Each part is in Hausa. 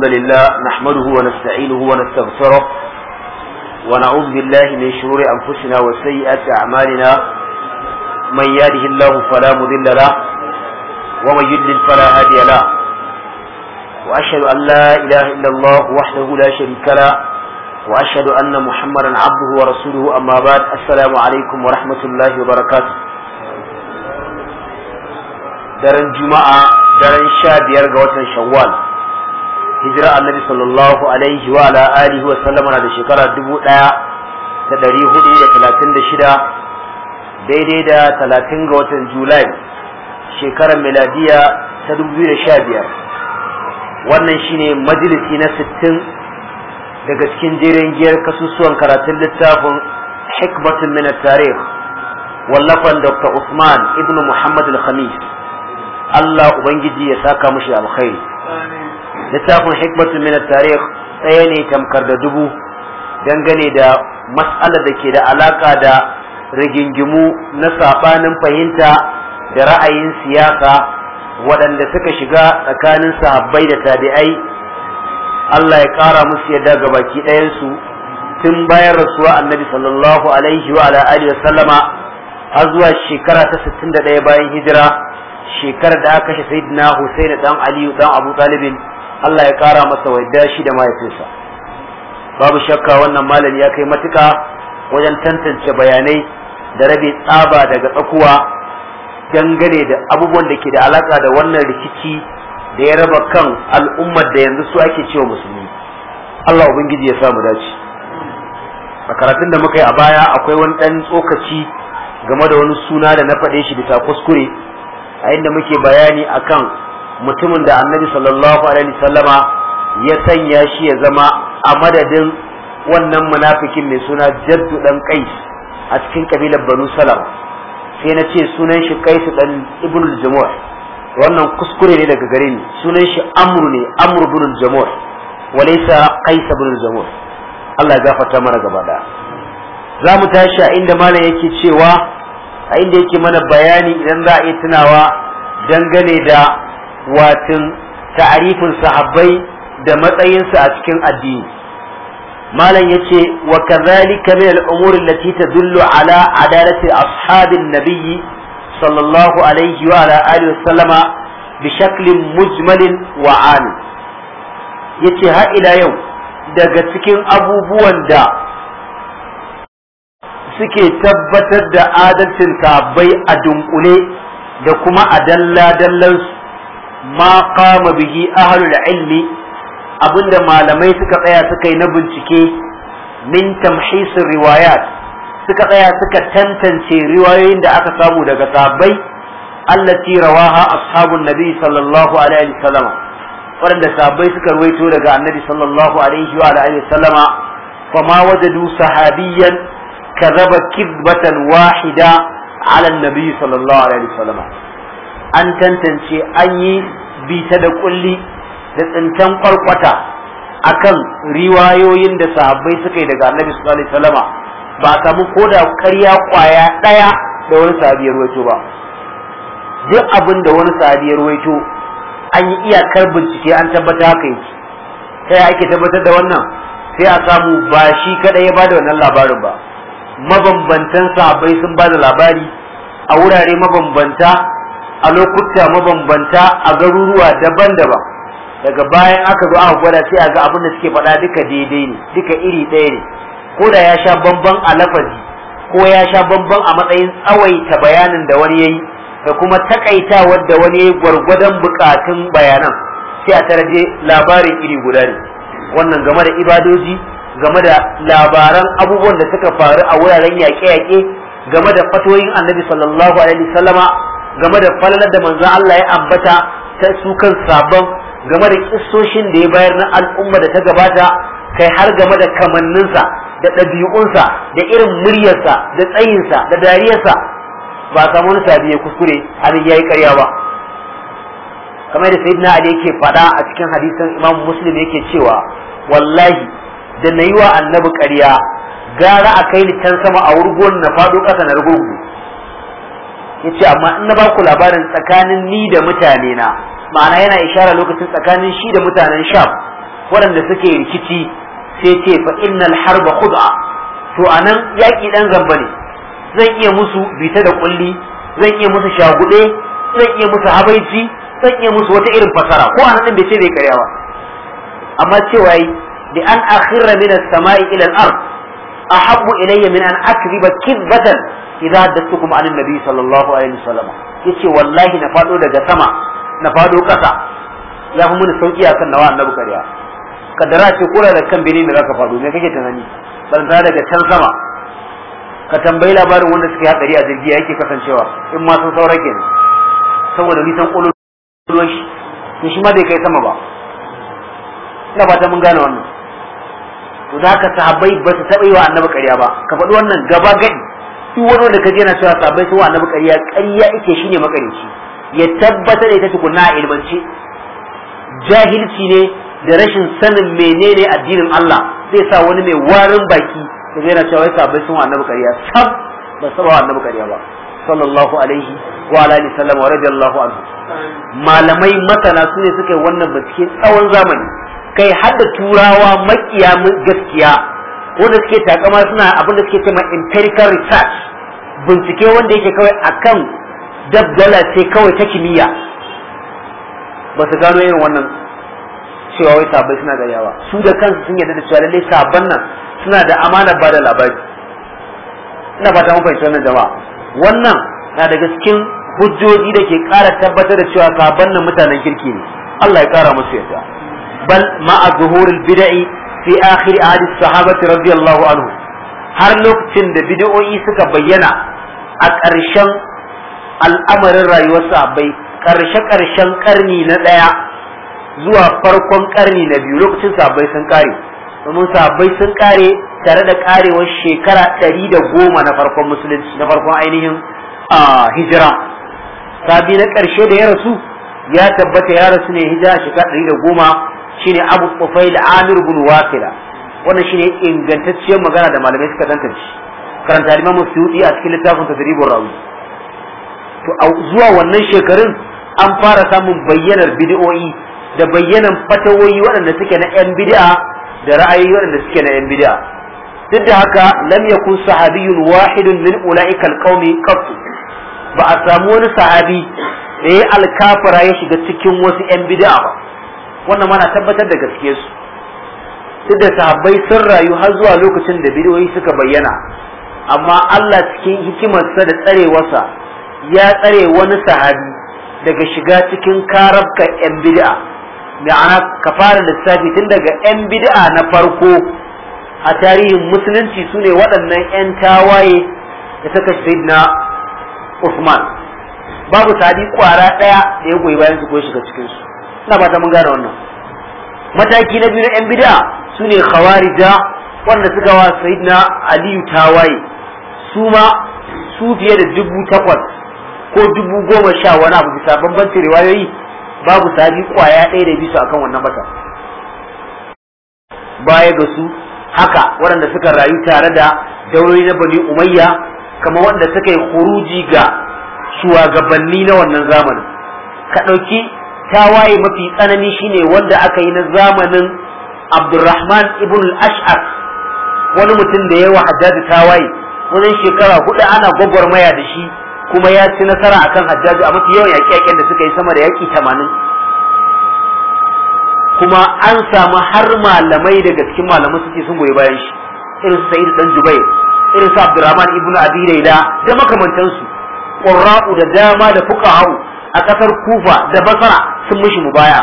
الحمد لله نحمده ونستعينه ونستغفره ونعوذ بالله من شرور أنفسنا وسيئات أعمالنا من ياله الله فلا مذل له ومن يدل فلا هادي له وأشهد أن لا إله إلا الله وحده لا شريك له وأشهد أن محمدا عبده ورسوله أما بعد السلام عليكم ورحمة الله وبركاته daren juma'a daren sha biyar ga shawwal hijira annabi sallallahu alaihi wa ala alihi wa na da shekara dubu ɗaya da dari hudu da talatin da shida daidai da talatin ga watan julai shekarar miladiya ta dubu biyu da sha biyar wannan shine majalisi na sittin daga cikin jerin giyar kasusuwan karatun littafin hikmatun min tarikh wallafan dr usman ibn muhammad al-khamis Allah Ubangiji ya saka mushi alkhairi littafin hikmatu min tarikh ɗaya ne tamkar da dubu dangane da matsala da ke da alaka da rigingimu na saɓanin fahimta da ra'ayin siyasa waɗanda suka shiga tsakanin sahabbai da tabi'ai Allah ya ƙara musu yadda ga baki ɗayansu tun bayan rasuwa annabi sallallahu alaihi wa ala alihi sallama har zuwa shekara ta 61 bayan hijira shekarar da aka kashe sayyidina Husaini dan Aliyu dan Abu Talibin Allah ya kara masa wadda shi da mahaifinsa babu shakka wannan malami ya kai matuka wajen tantance bayanai da rabe tsaba daga tsakuwa dangane da abubuwan da ke da alaƙa da wannan rikici da ya raba kan al'ummar da yanzu su ake cewa musulmi Allah ubangiji ya samu dace a karatun da muka yi a baya akwai wani ɗan tsokaci game da wani suna da na faɗe shi bisa kuskure a inda muke bayani akan mutumin da annabi sallallahu alaihi sallama ya sanya shi ya zama a madadin wannan munafikin mai suna jaddu dan kais a cikin kabilar banu Salam sai na ce sunan shi kais dan ibnu al wannan kuskure ne daga gare ni sunan shi amru ne amru ibnu al walaysa kais ibn al Allah ya gafarta mana gaba daya za mu tashi a inda malam yake cewa a inda yake mana bayani idan za a yi tunawa dangane da watin ta'arifin sahabbai da matsayinsu a cikin addini malam yace wa kadhalika min al-umur allati tadullu ala adalati ashabin nabiyyi sallallahu alaihi wa ala alihi wa sallama bi shaklin mujmalin wa am yace har ila yau daga cikin abubuwan da suke tabbatar da adalcin sahabbai a dunkule da kuma a dalla dallansu ma qama bihi ahlul ilmi abinda malamai suka tsaya suka yi na bincike min tamhisir riwayat suka tsaya suka tantance riwayoyin da aka samu daga sahabbai allati rawaha ashabun nabi sallallahu alaihi wasallam waɗanda sahabbai suka ruwaito daga annabi sallallahu alaihi wa alihi wasallama fama wajadu sahabiyan kadhaba kidbatan wahida ala annabi an tantance an yi bita da kulli da tsintan kwarkwata kan riwayoyin da sahabbai suka yi daga annabi sallallahu alaihi wasallama ba samu da karya kwaya daya da wani sahabi ya ba duk abin da wani sahabi ya an yi iyakar bincike an tabbata haka yake sai ake tabbatar da wannan sai a samu ba shi kaɗai ya bada wannan labarin ba mabambantan sahabbai sun ba da labari a wurare mabambanta a lokuta mabambanta a garuruwa daban-daban daga bayan aka zo aka gwada sai a ga abin da suke faɗa duka daidai ne duka iri ɗaya ne ko da ya sha bamban a lafazi ko ya sha bamban a matsayin tsawaita bayanin da wani yayi da kuma takaitawar da wani yayi gwargwadon bukatun bayanan sai a taraje labarin iri guda ne wannan game da ibadoji game da labaran abubuwan da suka faru a wuraren yaƙe-yaƙe game da fatoyin annabi sallallahu alaihi wasallama game da falalar da manzo Allah ya ambata ta su kan sabon game da kissoshin da ya bayar na al'umma da ta gabata kai har game da kamanninsa da ɗabi'unsa da irin muryarsa da tsayinsa da dariyarsa ba samu wani sabi ya kuskure har yayi karya ba kamar da sayyidina ali yake faɗa a cikin hadisin imam muslim yake cewa wallahi da nayi wa annabi ƙarya gara a kai ni can sama a wurgon na faɗo ƙasa na rugurgu yace amma in na baku labarin tsakanin ni da mutane na ma'ana yana ishara lokacin tsakanin shi da mutanen sham waɗanda suke rikici sai ce fa innal harba khud'a to anan yaki dan zamba ne zan iya musu bita da kulli zan iya musu shagude zan iya musu habaici zan iya musu wata irin fasara ko anan din bai ce bai karyawa amma cewa yi bi an akhirra min as-sama'i ila al-ard ahabbu ilayya min an akriba kibatan idza dattukum anin nabi sallallahu alaihi wasallam yace wallahi na fado daga sama na fado kasa ya fi mun sauki akan nawa annabi kariya kadara ce kura da kan bene da zaka fado me kake tunani ban ta daga can sama ka tambayi labarin wanda suka yi hadari a jirgi yake kasancewa in ma sun saura kenan saboda nisan kolon shi to shi ma bai kai sama ba ina fata mun gane wannan to da haka sahabbai ba su taɓa yi wa annabi kariya ba ka faɗi wannan gaba gadi duk wani wanda kaje yana cewa sabai sai annabi ƙarya ƙarya yake shine makarinci ya tabbata da ita tukunna a ilmance jahilci ne da rashin sanin menene addinin Allah zai sa wani mai warin baki zai yana cewa sabai sun annabi ƙarya sab ba saba annabi ƙarya ba sallallahu alaihi wa alihi wa radiyallahu anhu malamai masana su ne suka yi wannan bincike tsawon zamani kai hadda turawa makiya gaskiya wanda suke takama suna abin da suke cewa empirical research bincike wanda yake kawai akan dabdala ce kawai ta kimiyya ba su gano irin wannan cewa wai sabai suna da yawa su da kansu sun yarda da cewa lallai sabon nan suna da amana ba da labari ina fata mun fahimci wannan jama'a wannan na daga cikin hujjoji da ke ƙara tabbatar da cewa sabon nan mutanen kirki ne Allah ya ƙara musu yarda bal ma'a zuhurul bid'i fi akhir ahli sahabati radiyallahu anhu har lokacin da bid'o'i suka bayyana a ƙarshen al'amarin rayuwar sahabbai ƙarshe ƙarshen ƙarni na ɗaya zuwa farkon ƙarni na biyu lokacin sahabbai sun kare domin sahabbai sun kare tare da karewar shekara ɗari da goma na farkon musulunci na farkon ainihin hijira sabi na ƙarshe da ya rasu ya tabbata ya rasu ne hijira shekara ɗari da goma shine Abu da Amir bin Waqila wannan shine ingantacciyar magana da malamai suka tantance karanta Imam Suyuti a cikin littafin Tadribur Rawi to zuwa wannan shekarun an fara samun bayyanar bid'o'i da bayyanan fatawoyi waɗanda suke na yan bid'a da ra'ayi waɗanda suke na yan bid'a duk da haka lam yakun sahabiyyun wahidun min ulaika alqaumi qat ba a samu wani sahabi da ya alkafara ya shiga cikin wasu yan bid'a ba wannan mana tabbatar da gaskiyar su duk da sahabbai sun rayu har zuwa lokacin da bidiyoyi suka bayyana amma Allah cikin hikimarsa da tsarewarsa ya tsare wani sahabi daga shiga cikin karabka yan bid'a ma'ana ka fara lissafi tun daga yan bid'a na farko a tarihin musulunci su ne waɗannan yan tawaye da suka na Usman babu sahabi kwara ɗaya da ya goyi bayan su ko shiga cikinsu ina ba ta mun gane wannan mataki na biyu na yan bid'a su ne khawarija wanda suka wa sayyidina aliyu tawaye su ma su fiye da dubu takwas ko dubu goma sha wani abu bisa bambancin riwayoyi babu sabi kwaya ɗaya da bisa akan wannan mata baya ga su haka waɗanda suka rayu tare da daurori na bani umayya kamar waɗanda suka yi huruji ga shuwagabanni na wannan zamanin ka ɗauki tawaye mafi tsanani shine wanda aka yi na zamanin Abdulrahman ibn al-ash'ar wani mutum da ya wa hajjaji tawaye wajen shekara hudu ana gwagwarmaya da shi kuma ya ci nasara akan hajjaji a mafi yawan yaƙe-yaƙen da suka yi sama da yaƙi tamanin kuma an samu har malamai daga cikin malamai suke sun goyi bayan shi irin su sa'id dan jubair irin su abdurrahman ibn abi da makamantansu qurra'u da dama da fuqaha'u a ƙasar kufa da basara sun mishi mu baya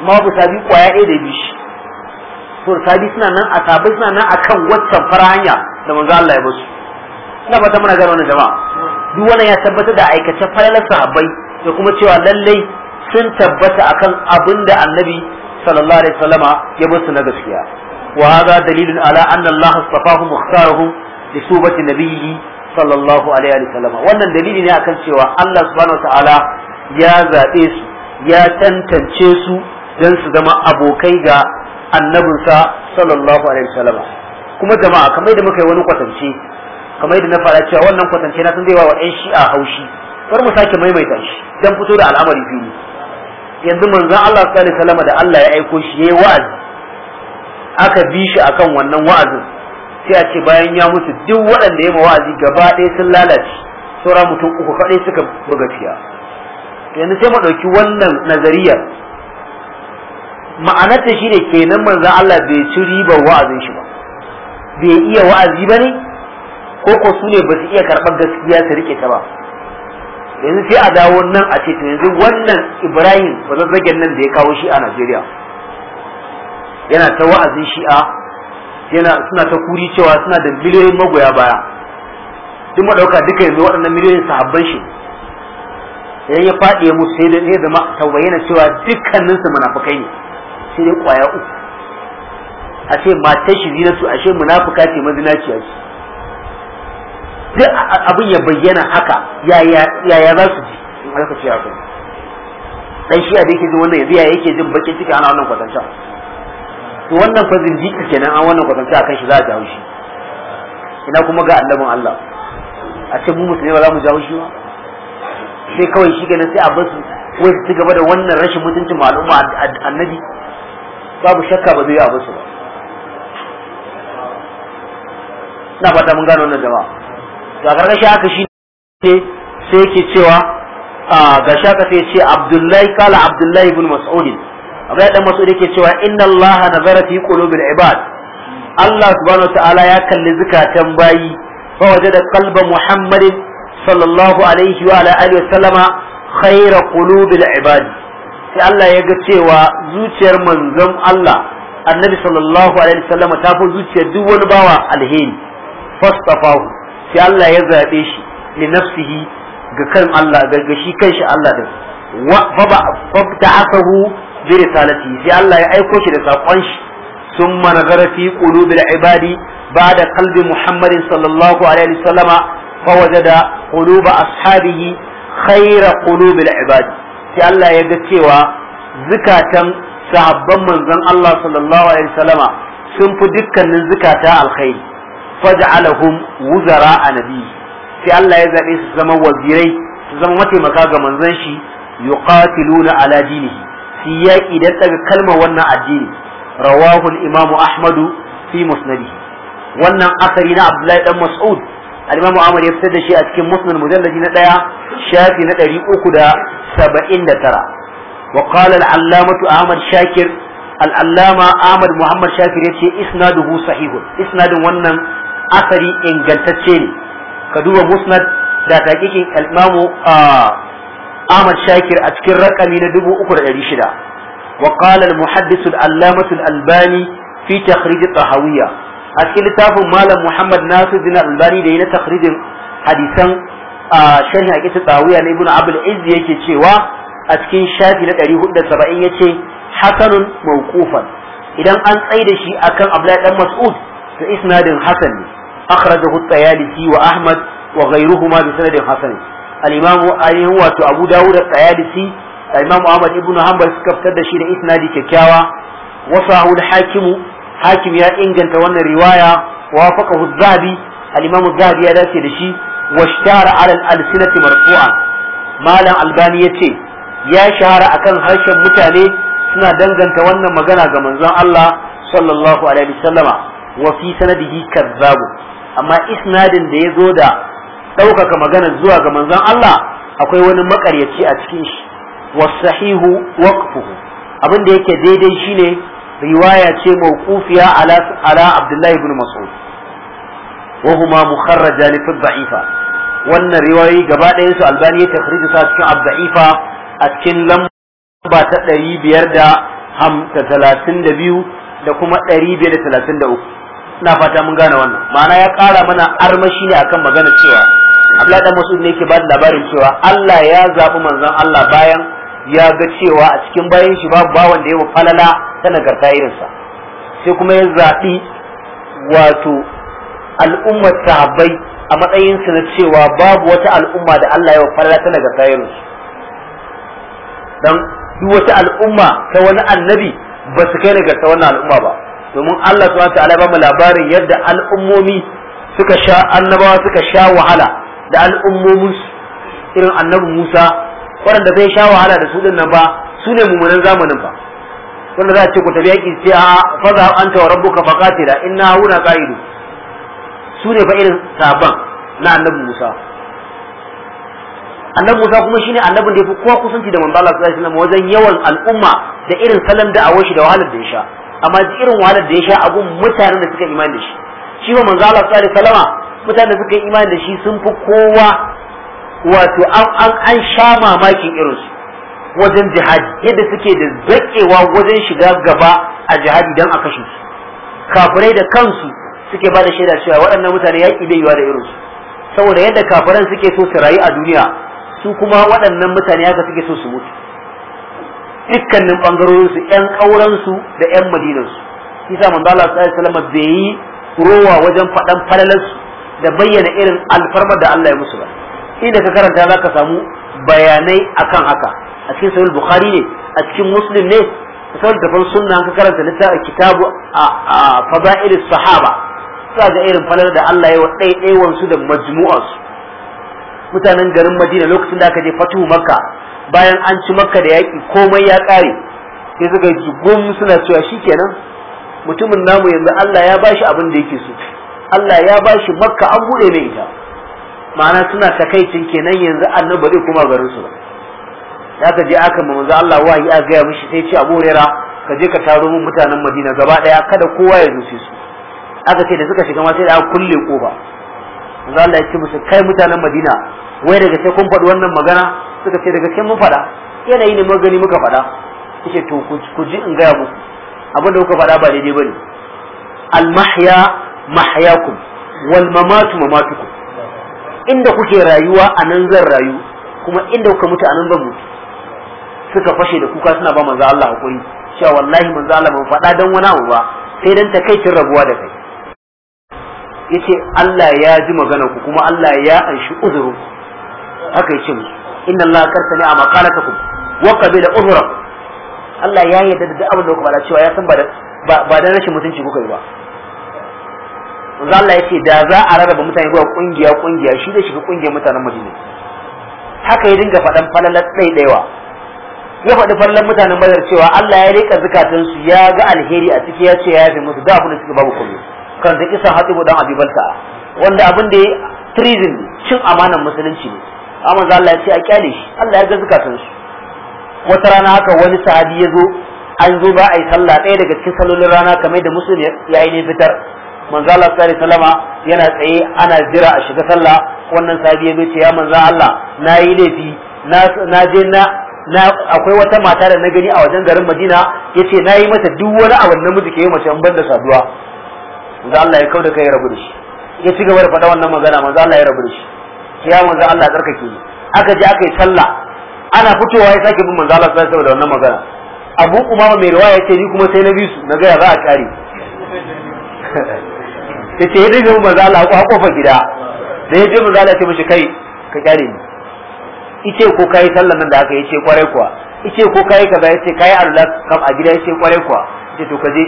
ma babu sabi kwaya ɗaya da bishi to sabi suna nan a sabai suna nan akan waccan fara hanya da manzo Allah ya basu ina fata muna gano wannan jama'a duk wannan ya tabbata da aikace falalar sahabbai da kuma cewa lallai sun tabbata akan abin da annabi sallallahu alaihi wasallama ya basu na gaskiya wa hada dalilun ala anna Allah astafahu mukhtaruhu li subati nabiyyi sallallahu alaihi wannan dalili ne akan cewa Allah subhanahu ya zaɓe su ya tantance su don su zama abokai ga annabinsa sallallahu alaihi wasallam kuma jama'a kamar da muka yi wani kwatance kamar da na fara cewa wannan kwatance na sun zai wa shi shi'a haushi bari mu sake maimaita shi don fito da al'amari fili yanzu manzon Allah sallallahu alaihi wasallam da Allah ya aiko shi yayi wa'azi aka bi shi akan wannan wa'azin sai a ce bayan ya mutu duk waɗanda ya wa'azi gaba ɗaya sun lalace sauran mutum uku kaɗai suka buga fiya yanzu sai mu ɗauki wannan nazariya? ma'anarta shi ne kenan manzan Allah bai ci ribar wa'azin shi ba bai iya wa'azi ba ne ko ko su ne ba su iya karɓar gaskiya su rike ta ba yanzu sai a dawo nan a ce to yanzu wannan ibrahim bazazzagen nan da ya kawo shi a najeriya yana ta wa'azin shi'a yana suna ta kuri cewa suna da miliyoyin magoya baya duk ɗauka duka yanzu waɗannan miliyoyin sahabban shi idan ya faɗi musu sai da ya zama bayyana cewa dukkanin su munafikai ne sai dai kwaya uku a ce matar shi zinatu a ce munafika ce mazinaciya ce duk abin ya bayyana haka yaya za su ji in aka ce haka dan shi a da yake jin wannan yanzu ya yake jin bakin ciki ana wannan kwatanta to wannan fa zindiki kenan an wannan kwatanta akan shi za a jawo shi ina kuma ga annabin Allah a ce mu musulmi ba za mu jawo shi ba sai kawai shi ganin sai a basu wai su gaba da wannan rashin mutuncin al'umma annabi babu shakka ba zai a basu ba na fata mun gano wannan jama'a ga karkashin haka shi ne sai yake cewa a ga shaka sai ce abdullahi kala abdullahi ibn mas'ud ya dan mas'ud yake cewa inna allaha nazara fi qulubil ibad Allah subhanahu wa ta'ala ya kalli zukatan bayi fa wajada da Muhammadin sallallahu alaihi wa alihi wasallama khayra qulubil ibad sai Allah ya ga cewa zuciyar manzon Allah annabi sallallahu alaihi wasallama ta fi zuciyar duk wani bawa alheri fastafahu sai Allah ya zabe shi li nafsihi ga kan Allah ga shi kanshi Allah din fabta'asahu Allah ya aiko shi da sakon shi ثم نظر في قلوب العباد بعد قلب محمد صلى الله عليه وسلم فوجد quluba ashabihi khayra qulubil ibad sai Allah ya ga cewa zikatan sahabban manzon Allah sallallahu alaihi wasallama sun fi dukkanin zukata alkhairi faj'alahum wuzara a nabi sai Allah ya zabe su zama wazirai su zama mataimaka ga manzon shi yuqatiluna ala dinihi su yaƙi dan daga kalmar wannan addini rawahu al-imamu ahmadu fi musnadihi wannan asari na Abdullahi dan Mas'ud al-imamu Ahmad ya fitar da shi a cikin musnad mujalladi na daya shafi na 379 وقال العلامة Ahmad Shakir. al'allama Ahmad Muhammad shakir ya ce isnaduhu sahihun isnadin wannan asari ingantacce ne ka duba musnad da taƙiƙin al'imamu Ahmad Shakir a cikin rakami na 3,600 wa qala al-muhaddis al-allamatu al-albani fi takhrij tahawiyya a cikin littafin malam muhammad nasir bin albani da yi na takridin hadisan a shahin a kitu tsawiya na ibn abul izzi yake cewa a cikin shafi na 470 yace hasanun mawqufan idan an tsaida shi akan abdullahi dan mas'ud to isnadin hasan ne akhrajahu at-tayalisi wa ahmad wa ghayruhuma bi sanadin hasan al-imam ayyuhu wa abu dawud at-tayalisi al-imam ahmad ibn hanbal suka fitar da shi da isnadi kyakkyawa wasahu al-hakimu hakim ya inganta wannan riwaya wa faqahu az al-imam zabi ya dace da shi shtara ala al-alsinati marfu'a malam albani yace ya shahara akan harshen mutane suna danganta wannan magana ga manzon Allah sallallahu alaihi wasallama wa fi sanadihi kazzabu amma isnadin da ya zo da ɗaukaka magana zuwa ga manzon Allah akwai wani makaryaci a cikin shi wasahihu waqfuhu abin da yake daidai shine riwaya ce mawqufiya ala ala Abdullah ibn Mas'ud wa huma mukharraja li dha'ifa wannan riwayoyi gaba ɗayan su Albani ya takhrija sa cikin ad a cikin lamba ta 532 da kuma 533 ina fata mun gane wannan ma'ana ya ƙara mana armashi ne akan magana cewa Abdullahi dan Mas'ud ne ke ba da labarin cewa Allah ya zabi manzon Allah bayan ya ga cewa a cikin bayan shi babu bawan da ya falala ta nagarta irinsa sai kuma ya zaɓi wato al'ummar sahabbai a matsayinsu na cewa babu wata al'umma da Allah ya falala ta nagarta irinsu dan duk wata al'umma ta wani annabi ba su kai nagarta wannan al'umma ba domin Allah subhanahu ta'ala ba mu labarin yadda al'ummomi suka sha annabawa suka sha wahala da al'ummomin irin annabi Musa waɗanda zai sha wahala da su din nan ba su ne mummunan zamanin ba wanda za a ce ku tafi yaƙi ce a faza anta wa rabbuka faqatila inna huna qa'idu su ne fa irin saban na annabi Musa annabi Musa kuma shine annabin da yafi kowa kusanci da manzo Allah sallallahu alaihi wasallam wajen yawan al'umma da irin salon da awashi da wahalar da ya sha amma irin wahalar da ya sha abun mutanen da suka imani da shi shi ba manzo Allah sallallahu alaihi wasallama mutanen da suka imani da shi sun fi kowa wato an sha mamakin irinsu wajen jihadi yadda suke da zaƙewa wajen shiga gaba a jihadi don a kashe su kafirai da kansu suke ba da shaida cewa waɗannan mutane yaƙi bai yiwa da irinsu saboda yadda kafiran suke so su rayu a duniya su kuma waɗannan mutane haka suke so su mutu dukkanin ɓangarorinsu 'yan ƙauransu da 'yan madinansu isa manzo Allah sallallahu alaihi wasallam bai yi rowa wajen faɗan falalarsu da bayyana irin alfarma da Allah ya musu ba inda ka karanta za ka samu bayanai akan haka a cikin sahih bukhari ne a cikin muslim ne sai da sunna ka karanta littafin kitabu a fada'il sahaba za ga irin falar da Allah ya wadai su da majmu'ar mutanen garin Madina lokacin da aka je fatu Makka bayan an ci Makka da yaki komai ya kare sai suka ji gum suna cewa shikenan mutumin namu yanzu Allah ya bashi abin da yake so Allah ya bashi Makka an buɗe mai ita ma'ana suna takaicin kenan yanzu annabi ba zai kuma garin su ba ya ka je aka ma manzo Allah wahayi a gaya mishi sai ce Abu Huraira ka je ka taro mun mutanen Madina gaba daya kada kowa ya rufe su aka ce da suka shiga ma sai da kulle kofa manzo Allah ya ce musu kai mutanen Madina wai daga sai kun faɗi wannan magana suka ce daga sai mun faɗa yanayi ne magani muka faɗa kuke to ku ji in gaya muku abin da kuka faɗa ba daidai bane al mahya mahyakum wal mamatu mamatukum inda kuke rayuwa a nan zan rayu kuma inda kuka mutu a nan zan mutu suka fashe da kuka suna ba manzo Allah hakuri cewa wallahi manzo Allah ban faɗa dan wani abu ba sai dan takaicin rabuwa da kai yace Allah ya ji maganar ku kuma Allah ya anshi uzuru haka yace mu inna Allah karsani a maqalatakum wa qabila uzurakum Allah ya yarda da abin da kuka faɗa cewa ya san ba ba da rashin mutunci kuka yi ba manzo Allah ce da za a rarraba mutane zuwa kungiya kungiya shi zai shiga kungiyar mutanen Madina haka ya dinga faɗan falalar dayawa. ya faɗi falalar mutanen Badar cewa Allah ya rika zukatan su ya ga alheri a ciki ya ce ya yafe musu da abin da suke babu komai kan da kisan hatibu dan Abi Balta wanda abin da ya treason ne cin amanan musulunci ne amma za Allah ya ce a kyale shi Allah ya ga zukatan su wata rana haka wani sahabi ya zo an zo ba a yi sallah ɗaya daga cikin salolin rana kamar da musulmi ya yi ne fitar manzo Allah sallallahu alaihi wasallama yana tsaye ana jira a shiga sallah wannan sabi ya ce ya manzo Allah Na yi laifi na na je na na akwai wata mata da na gani a wajen garin Madina yace yi mata duk wani abu miji ke yi mace an banda saduwa manzo Allah ya kauda kai ya rabu da shi ya ci gaba da faɗa wannan magana manzo Allah ya rabu da shi ya manzo Allah tsarkake ni aka je aka yi sallah ana fitowa ya sake bin manzo Allah sallallahu alaihi wasallam da wannan magana Abu Umama mai riwaya yace ni kuma sai na bi su na ga ya za a kare yace ya dinga manzo Allah a kofar gida da ya je manzo Allah ce mishi kai ka kyale ni ice ko kai sallan nan da aka yace kwarai kuwa ice ko kai kaza yace kai Allah kam a gida yace kwarai kuwa ce to ka je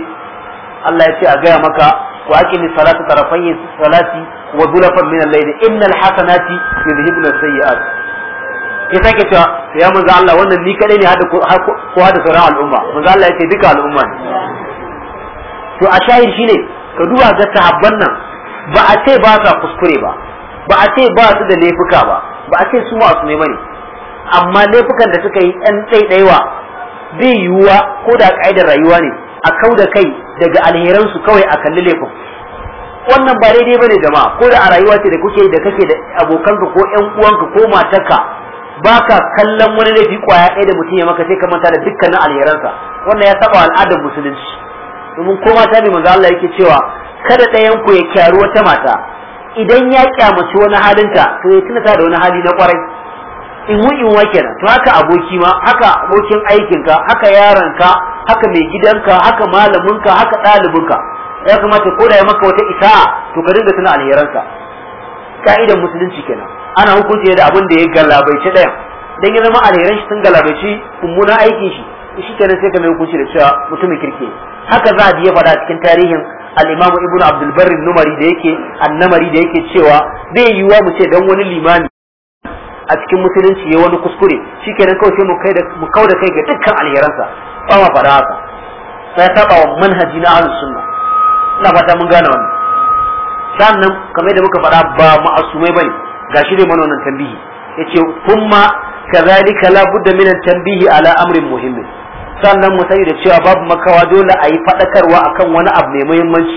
Allah ya ce a gaya maka wa aqimi salata tarafai salati wa zulafan min al-layl innal hasanati yudhibna sayyi'at ya sake cewa ya manzo Allah wannan ni kadai ne hada ko hada sauran al'umma manzo Allah ya ce duka al'umma ne to a shi shine ka duba ga sahabban nan ba a ce ba sa kuskure ba ba a ce ba su da laifuka ba ba a ce su masu ne amma laifukan da suka yi ɗan ɗaiɗaiwa bai yiwuwa ko da ka'idar rayuwa ne a kau da kai daga alheransu kawai a kalli laifin wannan ba daidai bane jama'a ko da a rayuwa ce da kuke da kake da abokanka ko ƴan uwanka ko matarka baka kallon wani laifi kwaya ɗaya da mutum ya maka sai ka manta da dukkanin alheransa wannan ya saba al'adar musulunci domin ko mata ne manzo Allah yake cewa kada ɗayan ku ya kyaru wata mata idan ya kyamaci wani halinta to ya tuna da wani hali na kwarai in wu in kenan to haka aboki ma haka abokin aikinka haka yaranka, haka mai gidanka haka malaminka haka ɗalibinka ya kamata ko da ya maka wata isa to ka dinga tuna alheransa ka'idan musulunci kenan ana hukunci da abin da ya galabaice ɗayan dan ya zama alheran shi sun galabaici mummunan aikin shi shi kenan sai ka mai hukunci da cewa mutumin kirki haka za a biya faɗa cikin tarihin al-imam ibnu abdul barri numari da yake annamari da yake cewa bai yiwuwa mu ce dan wani limami a cikin musulunci ya wani kuskure shi kenan kawai sai mu kai da kauda kai ga dukkan alheransa ba ma faɗa haka sai ta wa manhaji na ahlus sunna ina fata mun gane wannan sannan kamar da muka faɗa ba ma'asumai bane gashi dai mana wannan tambihi yace kuma كذلك لا بد من التنبيه على امر مهم sannan mu sani da cewa babu makawa dole a yi faɗakarwa akan wani abu mai muhimmanci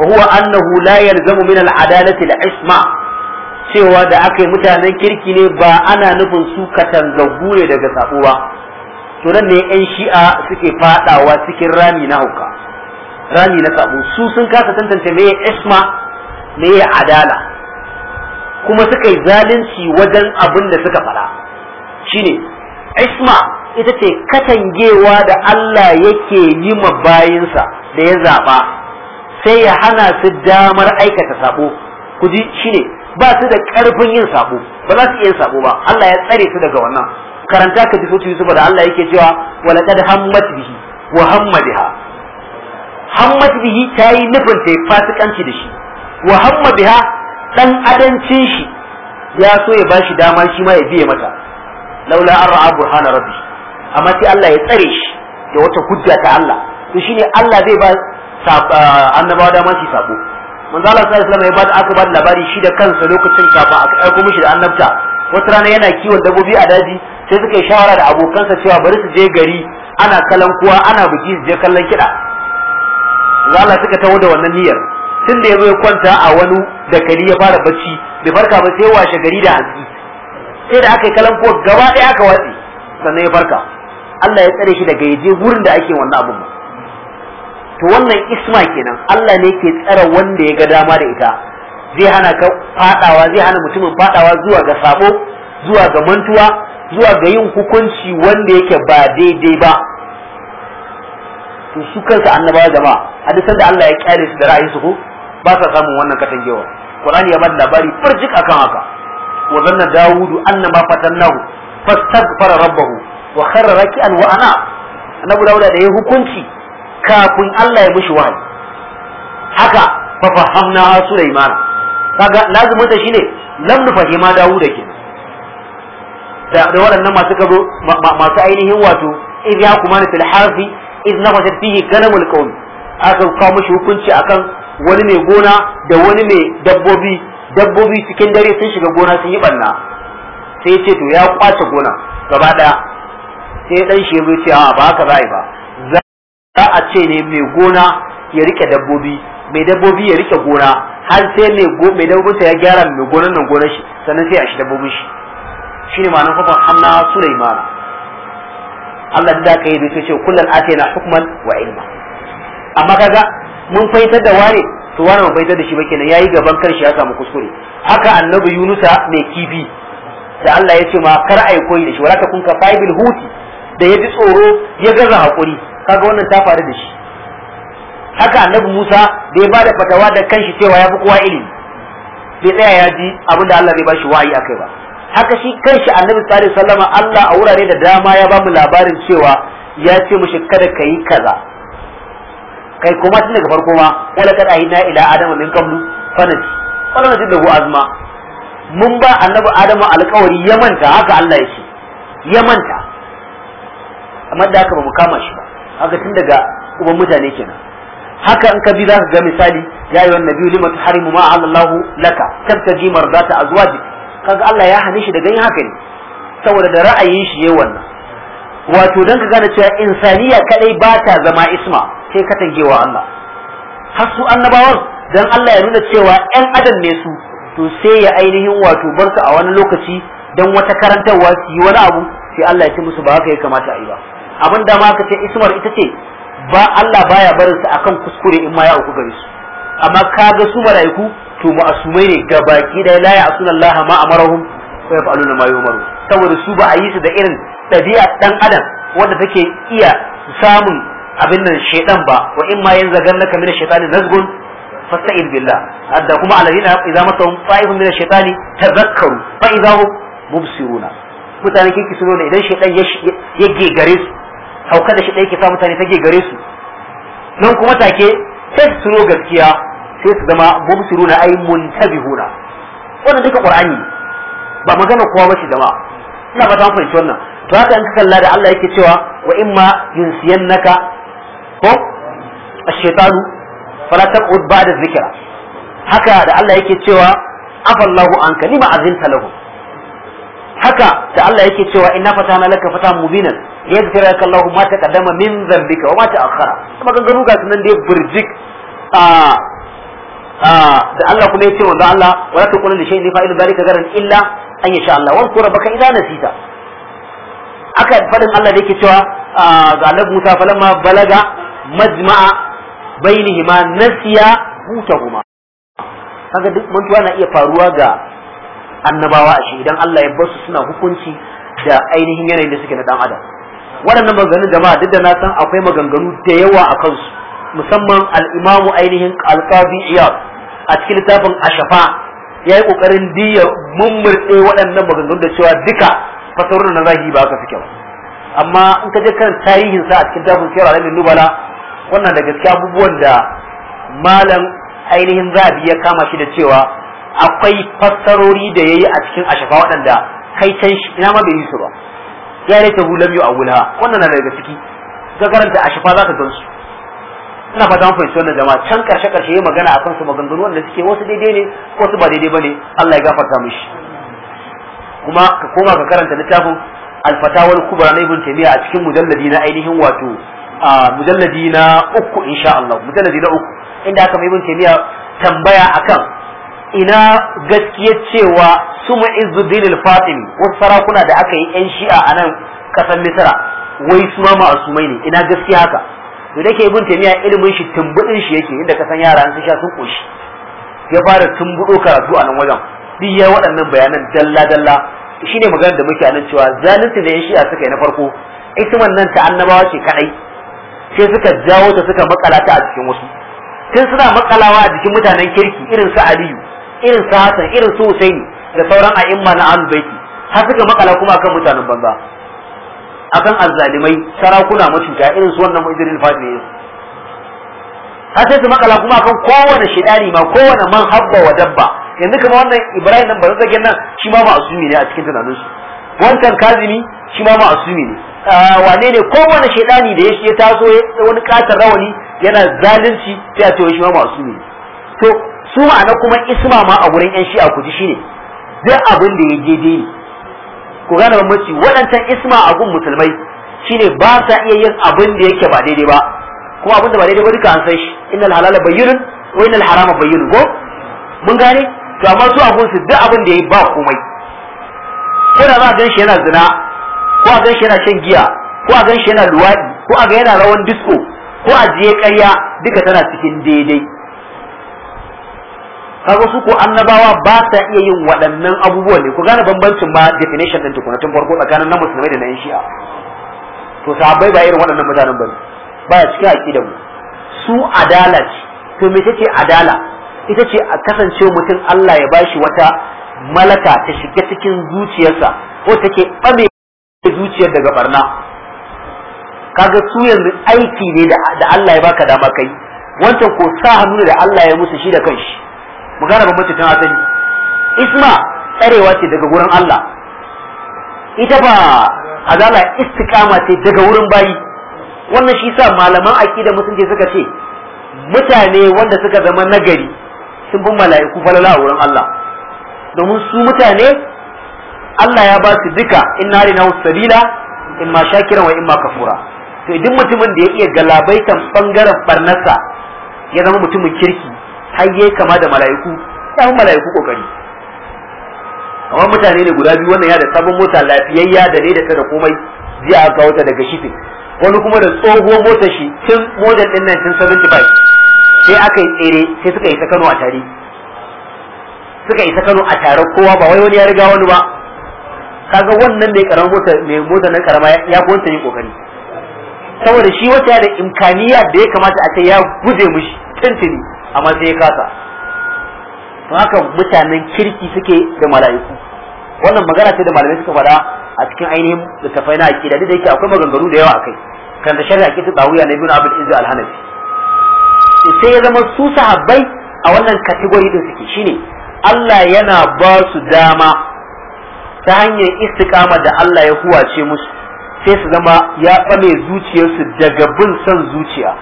wa huwa annahu la yalzamu min al-adalati al-isma cewa da aka yi mutanen kirki ne ba ana nufin su katangaggu ne daga sabo ba to nan ne yan shi'a suke fadawa cikin rami na hauka rami na sabo su sun kasa tantance me isma me adala kuma suka yi zalunci wajen abin da suka fara shine isma ita ce katangewa da Allah yake yi ma bayinsa da ya zaɓa sai ya hana su damar aikata sabo ku ji ne ba su da ƙarfin yin sabo ba za su iya yin sabo ba Allah ya tsare su daga wannan karanta ka ji sautin Yusuf da Allah yake cewa wala qad hammat bihi wa hamma hammat bihi tayi nufin ta fasikanci da shi wa hamma dan adancin shi ya so ya bashi dama shi ma ya biye mata laula an ra'a burhana rabbi amma sai Allah ya tsare shi da wata hujja ta Allah to shine Allah zai ba ah, annabawa dama su sabo manzo Allah sallallahu alaihi wasallam ya ba aka ba labari shi da kansa lokacin kafin aka aiko mishi da annabta wata rana yana kiwon dabobi a daji sai suka yi shawara da abokansa cewa bari su je gari ana kalan kuwa ana biki su je kallon kiɗa manzo Allah suka taho da wannan niyyar tun da ya ya kwanta a wani da kali ya fara bacci bai farka ba sai washe gari da hantsi sai da aka yi kalan kuwa gaba ɗaya aka watsi sannan ya farka Allah ya tsare shi daga yaje gurin da ake wannan abun to wannan isma kenan Allah ne ke tsara wanda ya ga dama da ita zai hana ka fadawa zai hana mutumin fadawa zuwa ga sabo zuwa ga mantuwa zuwa ga yin hukunci wanda yake ba daidai ba to su kansa annabawa jama'a hadisan da Allah ya kyale su da ra'ayinsu ko ba sa samun wannan katangewa Qur'ani ya bada labari farjik akan haka wa zanna Dawudu annama fatannahu fastaghfara rabbahu wa kharra raki'an wa ana annabi dauda da yayi hukunci kafin Allah ya mishi wahayi haka fa fahamna Sulaiman kaga lazimin ta shine lam fahima Dawuda ke da da waɗannan masu kazo masu ainihin wato idh yakumani fil harfi idh nafashat fihi ganamul qawm aka kawo mishi hukunci akan wani mai gona da wani mai dabbobi dabbobi cikin dare sun shiga gona sun yi banna sai ya ce to ya kwace gona gaba daya sai dan shi ya ce a ba ka za ba za a ce ne mai gona ya rike dabbobi mai dabbobi ya rike gona har sai mai go mai dabbobinsa ya gyara mai gonan nan gonar shi sannan sai a shi dabbobin shi shine ma'anar kafan hamna Sulaiman Allah da ka yi da ce kullal atina hukman wa ilma amma kaga mun faitar da ware to wani mun faitar da shi ba kenan yayi gaban kanshi ya samu kuskure haka annabi Yunusa mai kifi da Allah ya ce ma kar ai koyi da shi wala kun ka faibil huti da ya ji tsoro ya gaza hakuri kaga wannan ta faru da shi haka annabi Musa da ya bada fatawa da kanshi cewa ya fi kowa ilimi bai tsaya ya ji abin da Allah bai bashi a kai ba haka shi kanshi annabi sallallahu alaihi wasallam Allah a wurare da dama ya ba mu labarin cewa ya ce mu kada ka yi kaza kai kuma tun daga farko ma wala kad ahidna ila adam min qablu fanasi wala najid lahu azma mun ba annabi adamu alƙawari ya manta haka Allah ya ce ya manta amma da haka ba mu kama shi ba haka tun daga uban mutane kenan haka in ka bi za ka ga misali ya yi wannan biyu limatu harimu ma Allah laka tabtaji marzata jiki kaga Allah ya hane shi da yin haka ne saboda da ra'ayin shi yayi wannan wato dan ka gane cewa insaniya kadai ba ta zama isma sai ka tangewa Allah har su annabawan dan Allah ya nuna cewa ƴan adam ne su to sai ya ainihin wato barka a wani lokaci dan wata karantarwa su yi wani abu sai Allah ya ce musu ba haka ya kamata a yi ba abin da ma ka ce ismar ita ce ba Allah baya barin su akan kuskure in ma ya uku gare su amma kaga su malaiku to ma'asumai ne ga baki da la ya'suna Allah ma amarahum wa yaf'aluna ma yu'maru saboda su ba a yi su da irin ɗabi'a dan adam wanda take iya samun abin nan shedan ba wa in ma yanzu yanzagannaka min ash-shaytani nazgun fasta'in billah hadda kuma alladhina idza masahum fa'ibun min ash-shaytani tadhakkaru fa idza hum mubsiruna mutane kiki sun idan shedan ya gare su hauka da shi ɗaya ke sa mutane take gare su nan kuma take sai su tuno gaskiya sai su zama na mubsiruna ay muntabihuna wannan duka qur'ani ba magana kowa ba bace jama'a ina ba ta fahimci wannan to haka in ka kalla da Allah yake cewa wa imma yunsiyannaka ko ash-shaytanu fala taqud ba'da dhikra haka da Allah yake cewa afallahu anka lima azinta lahu haka da Allah yake cewa inna fatana laka fatan mubinan yaghfira laka Allahu ma taqaddama min zambika wa ma ta'akhkhara kuma kan garuga sunan da ya burjik a a da Allah kuma yace manzo Allah wala taqulu li shay'in fa'ilu dhalika garan illa an yasha Allah wa qura baka idza nasita aka fadin Allah da yake cewa ga Allah Musa falamma balaga majma'a bainihima nasiya hutahuma kaga duk mantuwa na iya faruwa ga annabawa shi idan Allah ya bar su suna hukunci da ainihin yanayin da suke na dan adam waɗannan maganganun jama'a duk da na san akwai maganganu da yawa a kansu musamman al'imamu ainihin alƙazi iya a cikin littafin ashafa ya yi ƙoƙarin diya mummurɗe waɗannan maganganun da cewa duka fasarurin na zahiri ba haka suke amma in ka je kan tarihin sa a cikin littafin sirra alamin nubala wannan da gaskiya abubuwan da malam ainihin zabi ya kama shi da cewa akwai fassarori da ya yi a cikin ashafa waɗanda kai can shi ina ma bai yi su ba ya rai tahu a yu'awwilha wannan na daga ciki ga garanta a shifa zaka gansu ina fata mun fahimci wannan jama'a can karshe karshe yayi magana akan su maganganu wanda suke wasu daidai ne wasu ba daidai bane Allah ya gafarta mishi kuma ka koma ka karanta littafin al fatawal kubra na ibn taymiya a cikin mujalladi na ainihin wato mujalladi na uku insha Allah mujalladi na uku inda aka mai ibn taymiya tambaya akan ina gaskiya cewa suma izuddin al-fatimi wasu sarakuna da aka yi yan shi'a a nan kasar misra wai su ma asumai ne ina gaskiya haka to da ke ibn taymiya ilimin shi tumbudin shi yake inda kasan yara an sha sun koshi ya fara tumbudo karatu a nan wajen duk ya waɗannan bayanan dalla dalla shine maganar da muke nan cewa zalunci da yan shi'a suka yi na farko itiman nan ta annabawa ce kadai sai suka jawo ta suka makalata a cikin wasu tun suna makalawa a jikin mutanen kirki irin su aliyu irin su irin su sai da sauran a'imma na Ahlul har suka makala kuma akan mutanen banza akan azzalimai sarakuna mashuta irin su wannan fadi ne. har sai su makala kuma akan kowane shidari ma kowane man habba wa dabba yanzu kuma wannan Ibrahim nan bazan zagen nan shi ma ma'asumi ne a cikin tunaninsu wancan kazimi shi ma ma'asumi ne ah, wane ne kowane shedani da ya taso wani katar rawani yana zalunci sai a ce shi ma ma'asumi ne to su ma'ana kuma isma ma a gurin yan shi'a ku ji shine duk abin da ya je dai ku gane mace waɗancan isma a gun musulmai shine ba sa iya yin abin da yake ba daidai ba kuma abin da ba daidai ba duka an san shi innal halala bayyinun wa innal harama bayyinun ko mun gane to amma su abun su duk abin da yayi ba komai ko da za a ganshi yana zina ko a ganshi yana shan giya ko a ganshi yana luwaɗi ko a ga yana rawan disco ko a je ƙarya duka tana cikin daidai kaga su ko annabawa ba sa iya yin waɗannan abubuwa ne ku gane bambancin ma definition din tukuna tun farko tsakanin na musulmai da na yan shi'a to sahabbai ba irin waɗannan mutanen ne, ba ya cikin aqidar mu su adala ce to me take adala ita ce a kasance mutum Allah ya bashi wata malaka ta shiga cikin zuciyarsa ko take ɓame zuciyar daga barna kaga su yanzu aiki ne da Allah ya baka dama kai wancan ko sa hannu da Allah ya musu shi da kanshi mu gane bambanci tun asali isma tsarewa ce daga wurin Allah ita ba azala istiqama ce daga wurin bayi wannan shi sa malaman aqida musulunci suka ce mutane wanda suka zama nagari sun bin mala'iku falala a wurin Allah domin su mutane Allah ya ba su duka na rina sabila ma shakiran wa ma kafura to idan mutumin da ya iya galabaitan bangaren ɓarnasa ya zama mutumin kirki har yi kama da mala'iku ya mala'iku kokari amma mutane ne guda biyu wannan ya da sabon mota lafiyayya da ne da ta da komai jiya aka kawo ta daga shifin wani kuma da tsohuwar motar shi tun model din 1975 sai aka yi tsere sai suka yi sakano Kano a tare suka yi sakano Kano a tare kowa ba wai wani ya riga wani ba kaga wannan mai karamar mota mai mota nan karama ya gonta yin kokari saboda shi wata da imkaniya da ya kamata a ce ya guje mushi tuntuni amma sai ya kasa don haka mutanen kirki suke da mala'iku wannan magana ce da malamai suka faɗa a cikin ainihin littafai na aqida da yake akwai maganganu da yawa a kai. kan da shari'a aqida ya na biyu na abin izu alhanafi. sai ya zama su sahabbai a wannan kategori din suke shine Allah yana ba su dama ta hanyar istikama da Allah ya huwace musu sai su zama ya tsame zuciyarsu daga bin son zuciya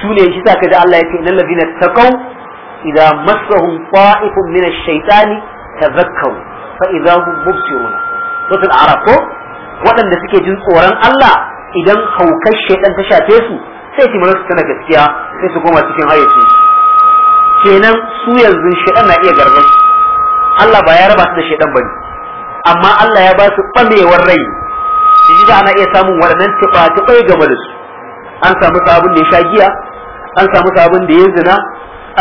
su ne shi sa ka ji Allah ya ce innal na taqaw idan massahum ta'ifun min ash-shaytani tadhakkaru fa idza hum mubsirun suratul araf waɗanda suke jin tsoron Allah idan haukar shaytan ta shafe su sai su su tana gaskiya sai su koma cikin hayyacin kenan su yanzu shaytan na iya garba Allah ba ya raba su da ba ne amma Allah ya ba su ɓamewar rai shi ana iya samun waɗannan tifa-tifai game da su an samu sabon nisha sha giya an samu sabon da ya zina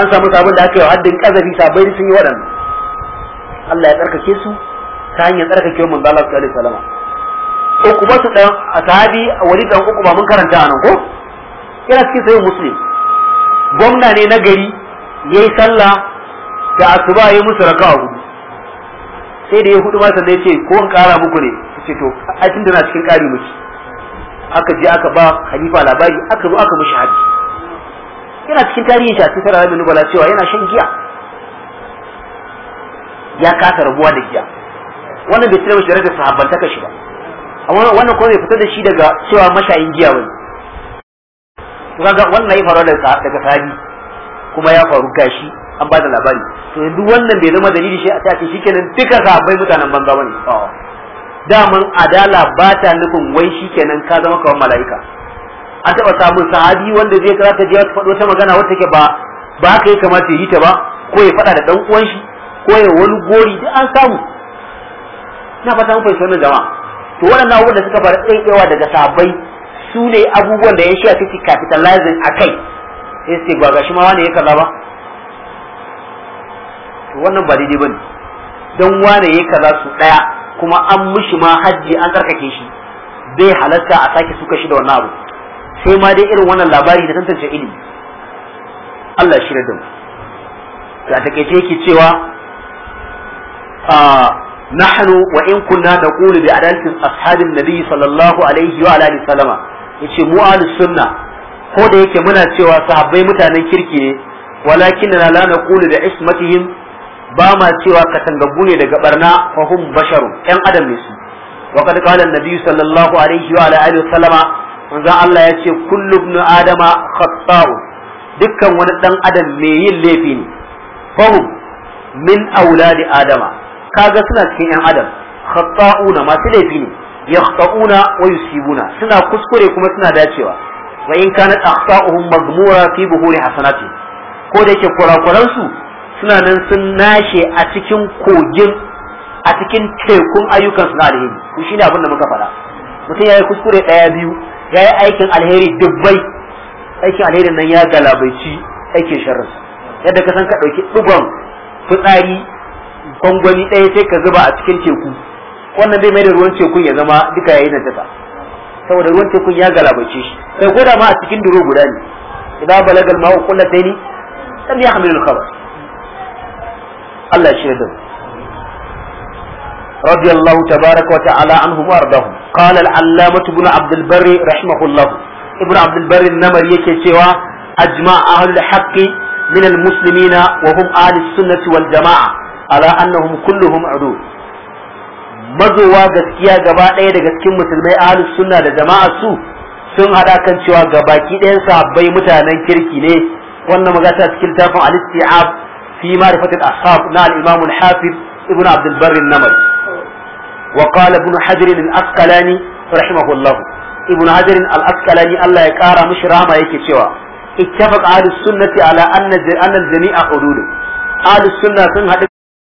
an samu sabon da aka yi haddin kazafi sabai sun yi waɗannan Allah ya tsarkake su ta hanyar tsarkake mun manzo Allah sallallahu alaihi wasallam kuma su dan sahabi wani dan ukuba mun karanta anan ko kira cikin sai muslim gwamna ne na gari yayi sallah da asuba yayi musu raka'a hudu sai da ya hudu ma sai yace ko in kara muku ne ce to a da na cikin kari miki aka je aka ba khalifa labari aka zo aka mishi hadisi yana cikin tarihin shi a cikin sarara nubala cewa yana shan giya ya kasa rabuwa da giya wannan bai tsira mashi da sahabbantaka shi ba amma wannan kuma bai fita da shi daga cewa mashayin giya bane kaga wannan ya faru daga sahabi kuma ya faru gashi an ba da labari to yanzu wannan bai zama dalili shi a take shikenan duka sahabbai mutanen banza bane daman adala ba ta nufin wai shikenan ka zama kawai mala'ika an taɓa samun sahabi wanda zai karata je ya faɗo ta magana wata ke ba ba haka ya kamata ya yi ta ba ko ya faɗa da ɗan uwan shi ko ya wani gori duk an samu na fata mun fahimci wannan jama'a to waɗannan abubuwan da suka bar tsaitsewa daga sahabbai su ne abubuwan da ya shi cikin capitalizing a kai sai su ba gashi ma wani ya kaza ba to wannan ba daidai bane dan wani ya kaza su ɗaya kuma an mushi ma hajji an tsarkake shi bai halatta a sake suka shi da wannan abu sai ma dai irin wannan labari da tantance ilimi Allah shi da mu ga takeice yake cewa نحن وإن كنا نقول بعدالة أصحاب ashabin صلى الله عليه وعلى آله وسلم yace mu ahlus sunna ko da yake muna cewa sahabbai mutanen kirki ne walakin na la naqulu da ismatihim ba ma cewa katangabbu ne daga barna fa hum basharun yan adam ne su wa qad qala an-nabi sallallahu alaihi wa alihi sallama manzo Allah ya ce kullu ibn adama khata'u dukkan wani dan adam me yin laifi ne fahu min auladi adama kaga suna cikin yan adam khata'una masu laifi ne yakhta'una wa yusibuna suna kuskure kuma suna dacewa wa in kanat akhta'uhum magmura fi buhuri hasanati ko da yake kurakuran su suna nan sun nashe a cikin kogin a cikin tekun ayyukan su na alheri shi ne abin da muka faɗa mutum ya yi kuskure ɗaya biyu ya yi aikin alheri dubbai aikin alheri nan ya galabaici aikin sharar yadda ka san ka ɗauki ɗigon fitsari gwangwani ɗaya sai ka zuba a cikin teku wannan zai mai da ruwan tekun ya zama duka yayi da tata saboda ruwan tekun ya galabace shi sai da ma a cikin duro guda ne idan balagal ma'u kullataini lam ya al-khabar Allah shi da رضي الله تبارك وتعالى عنهم وارضاهم قال العلامة ابن عبد البر رحمه الله ابن عبد البر النمر يكي سوى أجمع أهل الحق من المسلمين وهم أهل السنة والجماعة على أنهم كلهم عدو mazowa gaskiya gaba ɗaya daga cikin musulmai ahlus sunna da jama'a su sun hada kan cewa ga baki ɗayan sahabbai mutanen kirki ne wannan magata cikin tafin al-isti'ab fi ma'rifatil ashab na al-imam al-hafiz ibnu abdul barr an وقال ابن حجر الأسقلاني رحمه الله ابن حجر الأسقلاني الله يقارى مش رحمة يكتشوا اتفق أهل السنة على أن أن الجميع حدود أهل السنة سن هذا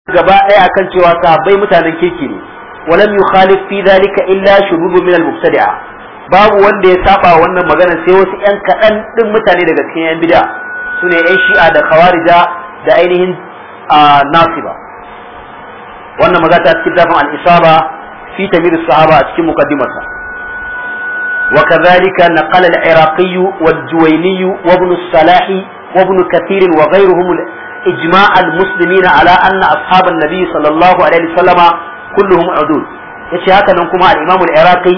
gaba ɗaya akan cewa sahabbai mutanen kirki ne walam yukhalif fi dhalika illa shurubun min al-mubtadi'a babu wanda ya saba wannan magana sai wasu 'yan kaɗan ɗin mutane daga cikin ƴan bid'a sune ƴan shi'a da khawarija da ainihin nasiba wannan maza ta cikin dafin al fi tamir sahaba a cikin mukaddimarsa wa kadhalika naqala al-iraqi wa al-juwayni wa ibn salah wa ibn kathir wa ghayruhum ijma' al-muslimin ala anna ashab an-nabi sallallahu alaihi wasallama kulluhum udul yace haka nan kuma al-imam al-iraqi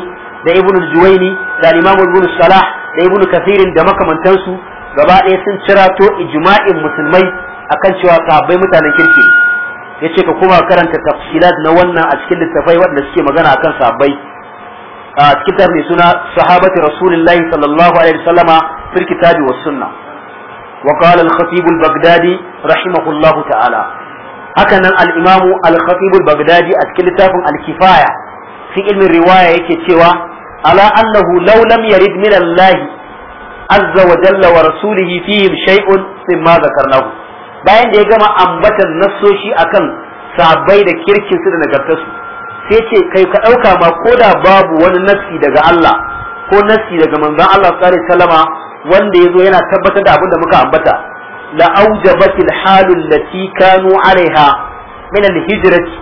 da ibn al-juwayni da al-imam ibn salah da ibn kathir da makamantansu gaba ɗaya sun cirato ijma'in musulmai akan cewa sahabbai mutanen kirki Ya ce ka kuma karanta tafsilat na wannan a cikin littafai wanda suke magana akan sabbai a cikin tar suna sahabati rasulillahi sallallahu alaihi wasallama fil kitabi was sunna wa qala al-khatib al-baghdadi rahimahullahu ta'ala haka nan al-imamu al-khatib al-baghdadi a cikin littafin al-kifaya fi ilmin riwaya yake cewa ala annahu law lam yarid min Allah azza wa jalla wa rasulihi fihim shay'un mimma zakarnahu bayan da ya gama ambatar nassoshi akan sabai da kirkin su da nagartarsu sai ce kai ka ɗauka ma ko da babu wani nassi daga Allah ko nassi daga manzon Allah sallallahu alaihi wasallama wanda yazo yana tabbatar da abin da muka ambata la aujabatil halul lati kanu alaiha min al hijrati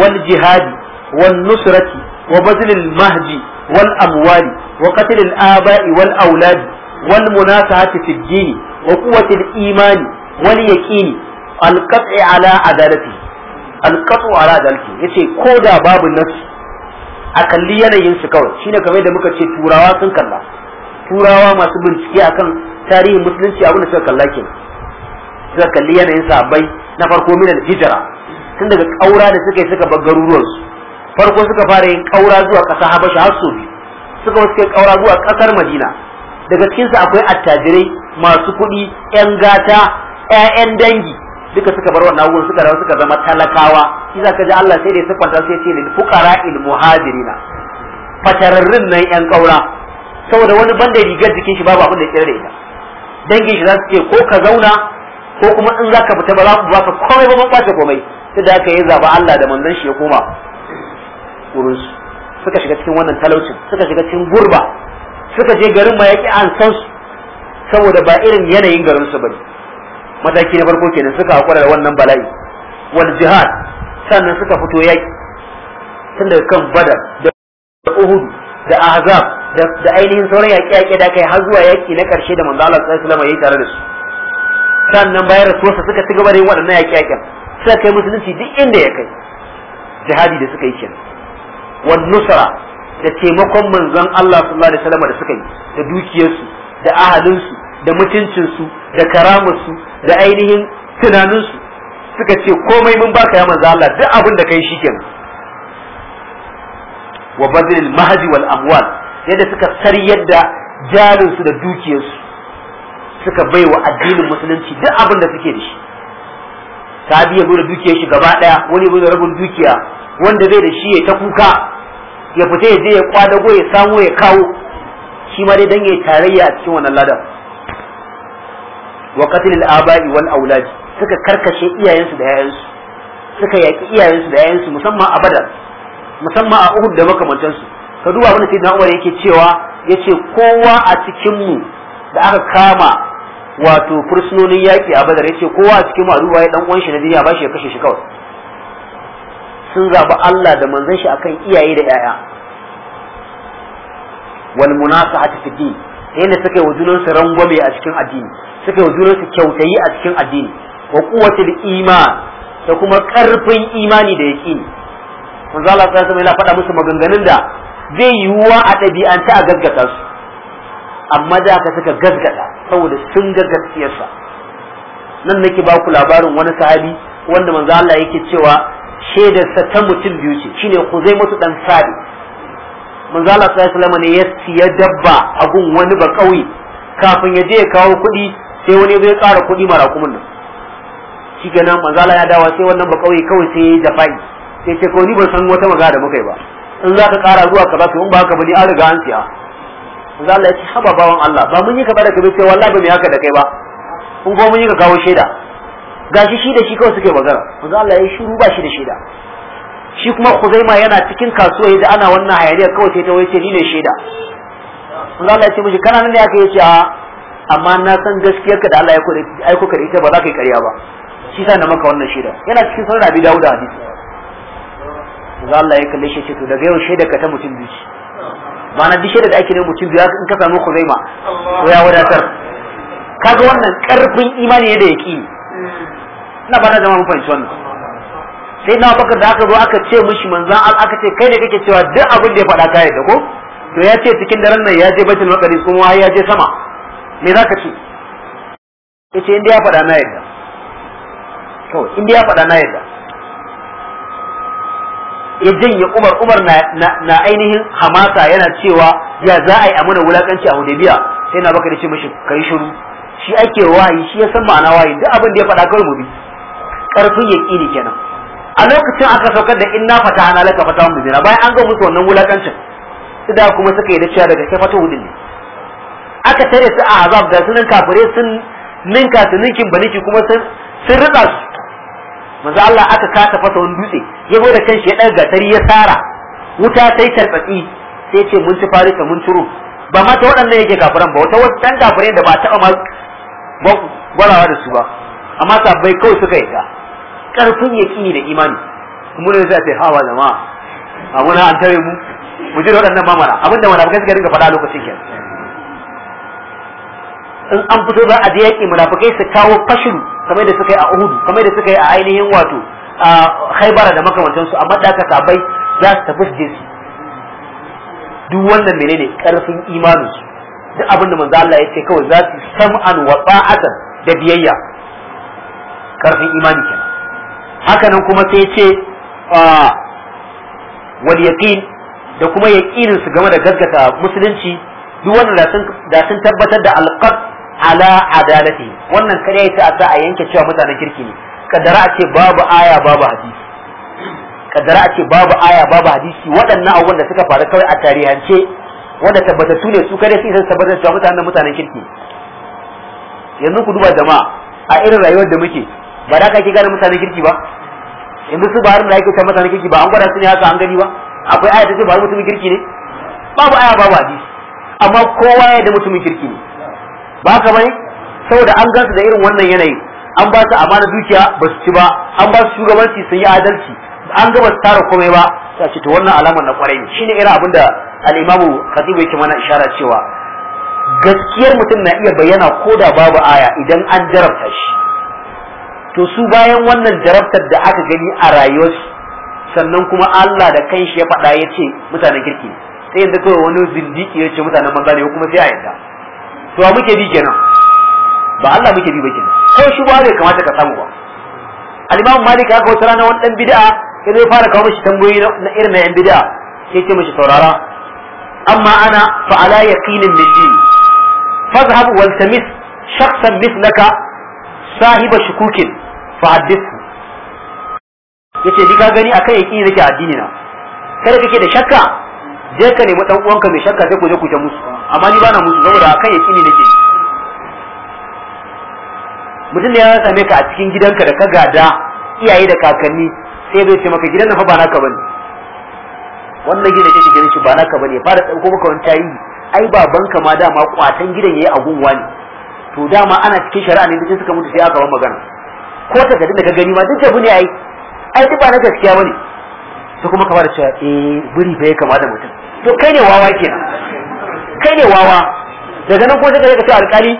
wal jihadi wal nusrati wa bazlil mahdi wal amwali wa qatl al aba'i wal auladi wal munasahati fid din wa quwwati al imani Wani yaqini al qat'i ala adalati al qat'u ala adalati yace ko da babu nasu a yanayin su kawai shine kamar da muka ce turawa sun kalla turawa masu bincike akan tarihin musulunci abin da suka kalla ke suka kalli yanayin sahabbai na farko min al hijra tun daga kaura da suka yi suka bar garuruwansu farko suka fara yin kaura zuwa ƙasa habasha har su biyu suka wasu kai kaura zuwa ƙasar madina daga cikinsu akwai attajirai masu kuɗi 'yan gata ƴaƴan dangi duka suka bar wannan wurin suka rawa suka zama talakawa shi zaka ji Allah sai dai su kwanta sai ce lil fuqara il muhajirina fatararrun nan ƴan kaura saboda wani banda rigar jikin shi babu abin da ya da dangin shi za su ce ko ka zauna ko kuma in zaka fita ba za ku baka komai ba mun kwace komai sai da aka yi zaba Allah da manzon shi ya koma wurin su suka shiga cikin wannan talaucin suka shiga cikin gurba suka je garin ma yaki an san su saboda ba irin yanayin garin su bane mataki na farko kenan suka hakura da wannan bala'i wal jihad sannan suka fito yaki tun daga kan badar da uhud da ahzab da ainihin sauran yaki yaƙe da kai har zuwa yaki na karshe da manzo Allah sallallahu alaihi wasallam tare da su sannan bayan rasuwarsa suka ci gaba da yin waɗannan yaƙe-yaƙen suka kai musulunci duk inda ya kai jihadi da suka yi kenan wal nusra da taimakon manzon Allah sallallahu alaihi wasallam da suka yi da dukiyarsu da ahalinsu da mutuncinsu da karamarsu da ainihin tunaninsu suka ce komai mun baka ya manzo Allah duk abin da kai shikenan wa badlil mahdi wal amwal yadda suka sari yadda jarinsu da dukiyarsu suka baiwa addinin musulunci duk abin da suke da shi Ta biya da dukiyar shi gaba daya wani ya da rabin dukiya wanda zai da shi ya ta kuka ya fita ya je ya kwadago ya samu ya kawo shi ma dai dan ya tarayya a cikin wannan ladan wa qatl al-aba'i wal suka karkashe iyayensu da yayansu suka yaki iyayensu da yayansu musamman a Badar musamman a Uhud da su ka duba abin da Sayyidina Umar yake cewa yace kowa a cikin mu da aka kama wato fursunonin yaki a Badar yace kowa a cikin mu a duba ya dan uwan shi na duniya ba shi ya kashe shi kawai sun zabi Allah da manzon shi akan iyaye da yaya wal munasahati fi din yadda suka yi wa junansu rangwame a cikin addini suka yi junan su kyautayi a cikin addini wa da iman da kuma karfin imani da yaqini manzo Allah sallallahu alaihi yana faɗa musu maganganun da zai yiwuwa a ɗabi'anta a gaggata su amma da aka suka gaggata saboda sun ga gaskiyarsa nan nake ba ku labarin wani sahabi wanda manzo Allah yake cewa shaidarsa ta mutum biyu ce shine Khuzaimatu dan Sabit manzo Allah sallallahu ne ya siya dabba a gun wani ba kauye kafin ya je ya kawo kuɗi sai wani zai ƙara kuɗi ma raƙumin nan shi nan manzala ya dawa sai wannan ba kawai kawai sai ya jafai sai ce kawai ni ban san wata magana da muka yi ba in za ka ƙara zuwa ka ba ka in ba ka ba ni an riga an siya manzala Allah ya ce haba bawan Allah ba mun yi ka bada kabe sai wallahi ba mai haka da kai ba kun ko mun yi ka kawo shaida gashi shi da shi kawai suke magana Manzala Allah ya shiru ba shi da shaida shi kuma Khuzaima yana cikin kasuwa yadda ana wannan hayaniya kawai sai ta ce ni ne shaida Manzala Allah ya ce mishi kana nan ne aka ce a amma na san gaskiyar ka da Allah ya aiko ka ita ba za ka yi ƙarya ba shi sa na maka wannan shaida yana cikin sunan Abi Dawud da hadisi za Allah ya kalle shi ce to daga yau shaida ka ta mutum biyu ma'ana duk shaida da ake ne mutum biyu in ka samu ma Ko ya wadatar kaga wannan karfin imani ne da yaqini ina ba na zama mun fahimci wannan sai na bakar da aka zo aka ce mishi manzan al aka ce kai ne kake cewa duk abin da ya faɗa ka yadda ko to ya ce cikin daren nan ya je bacin maqdis kuma ya je sama me za ka ce yace inda ya faɗa na yadda kawai inda ya faɗa na yadda ya janye umar umar na ainihin hamasa yana cewa ya za a yi amuna wulakanci a hudaybiya sai na baka da ce mishi kai shiru shi ake wayi shi ya san ma'ana wayi duk abin da ya faɗa kawai mu bi karfin yaqini kenan a lokacin aka saukar da inna fatahana laka mu mubina bayan an ga musu wannan wulakancin da kuma suka yi da cewa daga sai fatahu ne aka tare su a azab da sunan kafire sun ninka su ninkin baniki kuma sun sun rika su manzo Allah aka kasa fata wani dutse ya zo da kanshi ya ɗaga gatari ya tsara wuta sai tarbatsi sai ce mun ci farisa mun turo ba ma ta waɗannan yake kafiran ba wata wata dan da ba taɓa ma gwarawa da su ba amma sabbai kawai suka yi ka karfin yaƙini da imani mun ne zai ce hawa jama'a a muna an tare mu mu ji da waɗannan mamara abinda ba kai suka dinga faɗa lokacin kenan in an fito za a je yaƙi munafikai su kawo fashiru kamar da suka yi a Uhud kamar da suka yi a ainihin wato a Khaibara da makamantansu amma da aka sabai za su tafi je su duk wannan menene karfin imanin su duk abin da manzo Allah ya ce kawai za su sam'an wa ta'atan da biyayya karfin imani kenan haka nan kuma sai ce ce wal yaqin da kuma yaqinin su game da gaskata musulunci duk wannan da sun tabbatar da alqad ala adalati wannan kada a sa a yanke cewa mutanen kirki ne kadara a ce babu aya babu hadisi kadara a ce babu aya babu hadisi waɗannan abubuwan da suka faru kawai a tarihance wanda tabbatattu ne su kare su isa tabbatar cewa mutanen mutanen kirki yanzu ku duba jama'a a irin rayuwar da muke ba da kake gane mutanen kirki ba yanzu su baharin da ake ta mutanen kirki ba an gwada su ne haka an gani ba akwai aya ta ce ba mutumin kirki ne babu aya babu hadisi amma kowa ya da mutumin kirki ne ba ka bai saboda an gansu da irin wannan yanayi an ba su amana dukiya ba su ci ba an ba su shugabanci sun yi adalci an gaba su tara komai ba ta ce to wannan alamar na kwarai ne shine irin abin da al-imamu khatibu yake mana ishara cewa gaskiyar mutum na iya bayyana ko da babu aya idan an jarabta shi to su bayan wannan jarabtar da aka gani a rayuwarsu sannan kuma Allah da kanshi ya faɗa ya ce mutanen kirki sai yanzu kawai wani zindiki ya ce mutanen banza ne kuma sai a yadda to wa muke bi kenan ba Allah muke bi ba kenan ko shi ba zai kamata ka samu ba al-Imam Malik haka wata rana wani dan bid'a sai zai fara kawo mishi tambayoyi na irin na yan bid'a sai ce mishi saurara amma ana fa ala yaqinin min dini fadhhab wal tamis shakhsan mithlaka sahiba shukukin fa hadithu yace ni ka gani akan yaqini nake addini na kada kake da shakka je ka nemi dan uwanka mai shakka sai ku je ku ta musu amma ni bana musu saboda akan yakini nake mutum ne ya same ka a cikin gidanka da ka gada iyaye da kakanni sai zai ce maka gidan nan fa ba naka bane wannan gidan ce gidan shi ba naka bane fara dauko maka wani tayi ai ka ma dama kwatan gidan yayi agunwa ne to dama ana cikin shari'a ne duk suka mutu sai aka ban magana ko ta da ka gani ma duk da bune ai ai duk ba na gaskiya bane sai kuma ka fara cewa eh buri fa ya kama da mutum to kai ne wawa kenan kai ne wawa daga nan ko sai ka ce alkali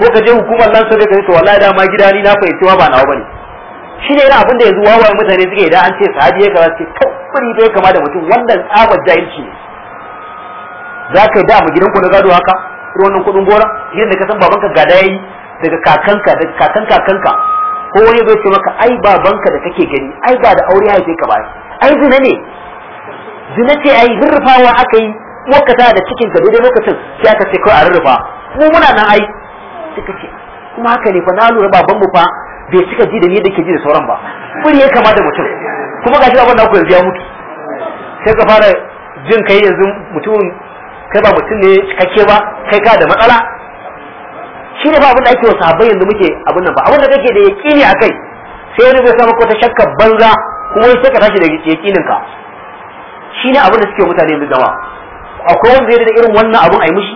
ko ka je hukumar nan sai ka ce to wallahi dama gida ni na fahimci ba nawa bane shi ne abin da yanzu wawaye mutane suke idan an ce sahabi ya kaza ce tabbari da ya kama da mutum wannan tsabar jahilci ne za ka yi da mu gidanku na gado haka ko wannan kudin gora gidan da ka san babanka ga dai daga kakanka daga kakan kakanka ko wani zai ce maka ai babanka da kake gani ai ba da aure haife ka ba ai zina ne zina ce a yi rurrufawa aka yi wakata da cikin ka daidai lokacin sai aka ce kawai a rurrufa mu muna nan ai suka ce kuma haka ne fa na lura baban mu fa bai cika ji da ni da ke ji da sauran ba kuri ya kama da mutum kuma shi abin da ku yanzu ya mutu sai ka fara jin kai yanzu mutumin kai ba mutum ne cikakke ba kai ka da matsala shi ne ba abin da ake wasu sahabbai yanzu muke abin nan ba abin da kake da yaƙini a kai sai wani bai samu ko ta shakka banza kuma sai ka tashi da yaƙinin ka shi ne abin da suke mutane yanzu gama akwai wanda zai da irin wannan abun a yi mushi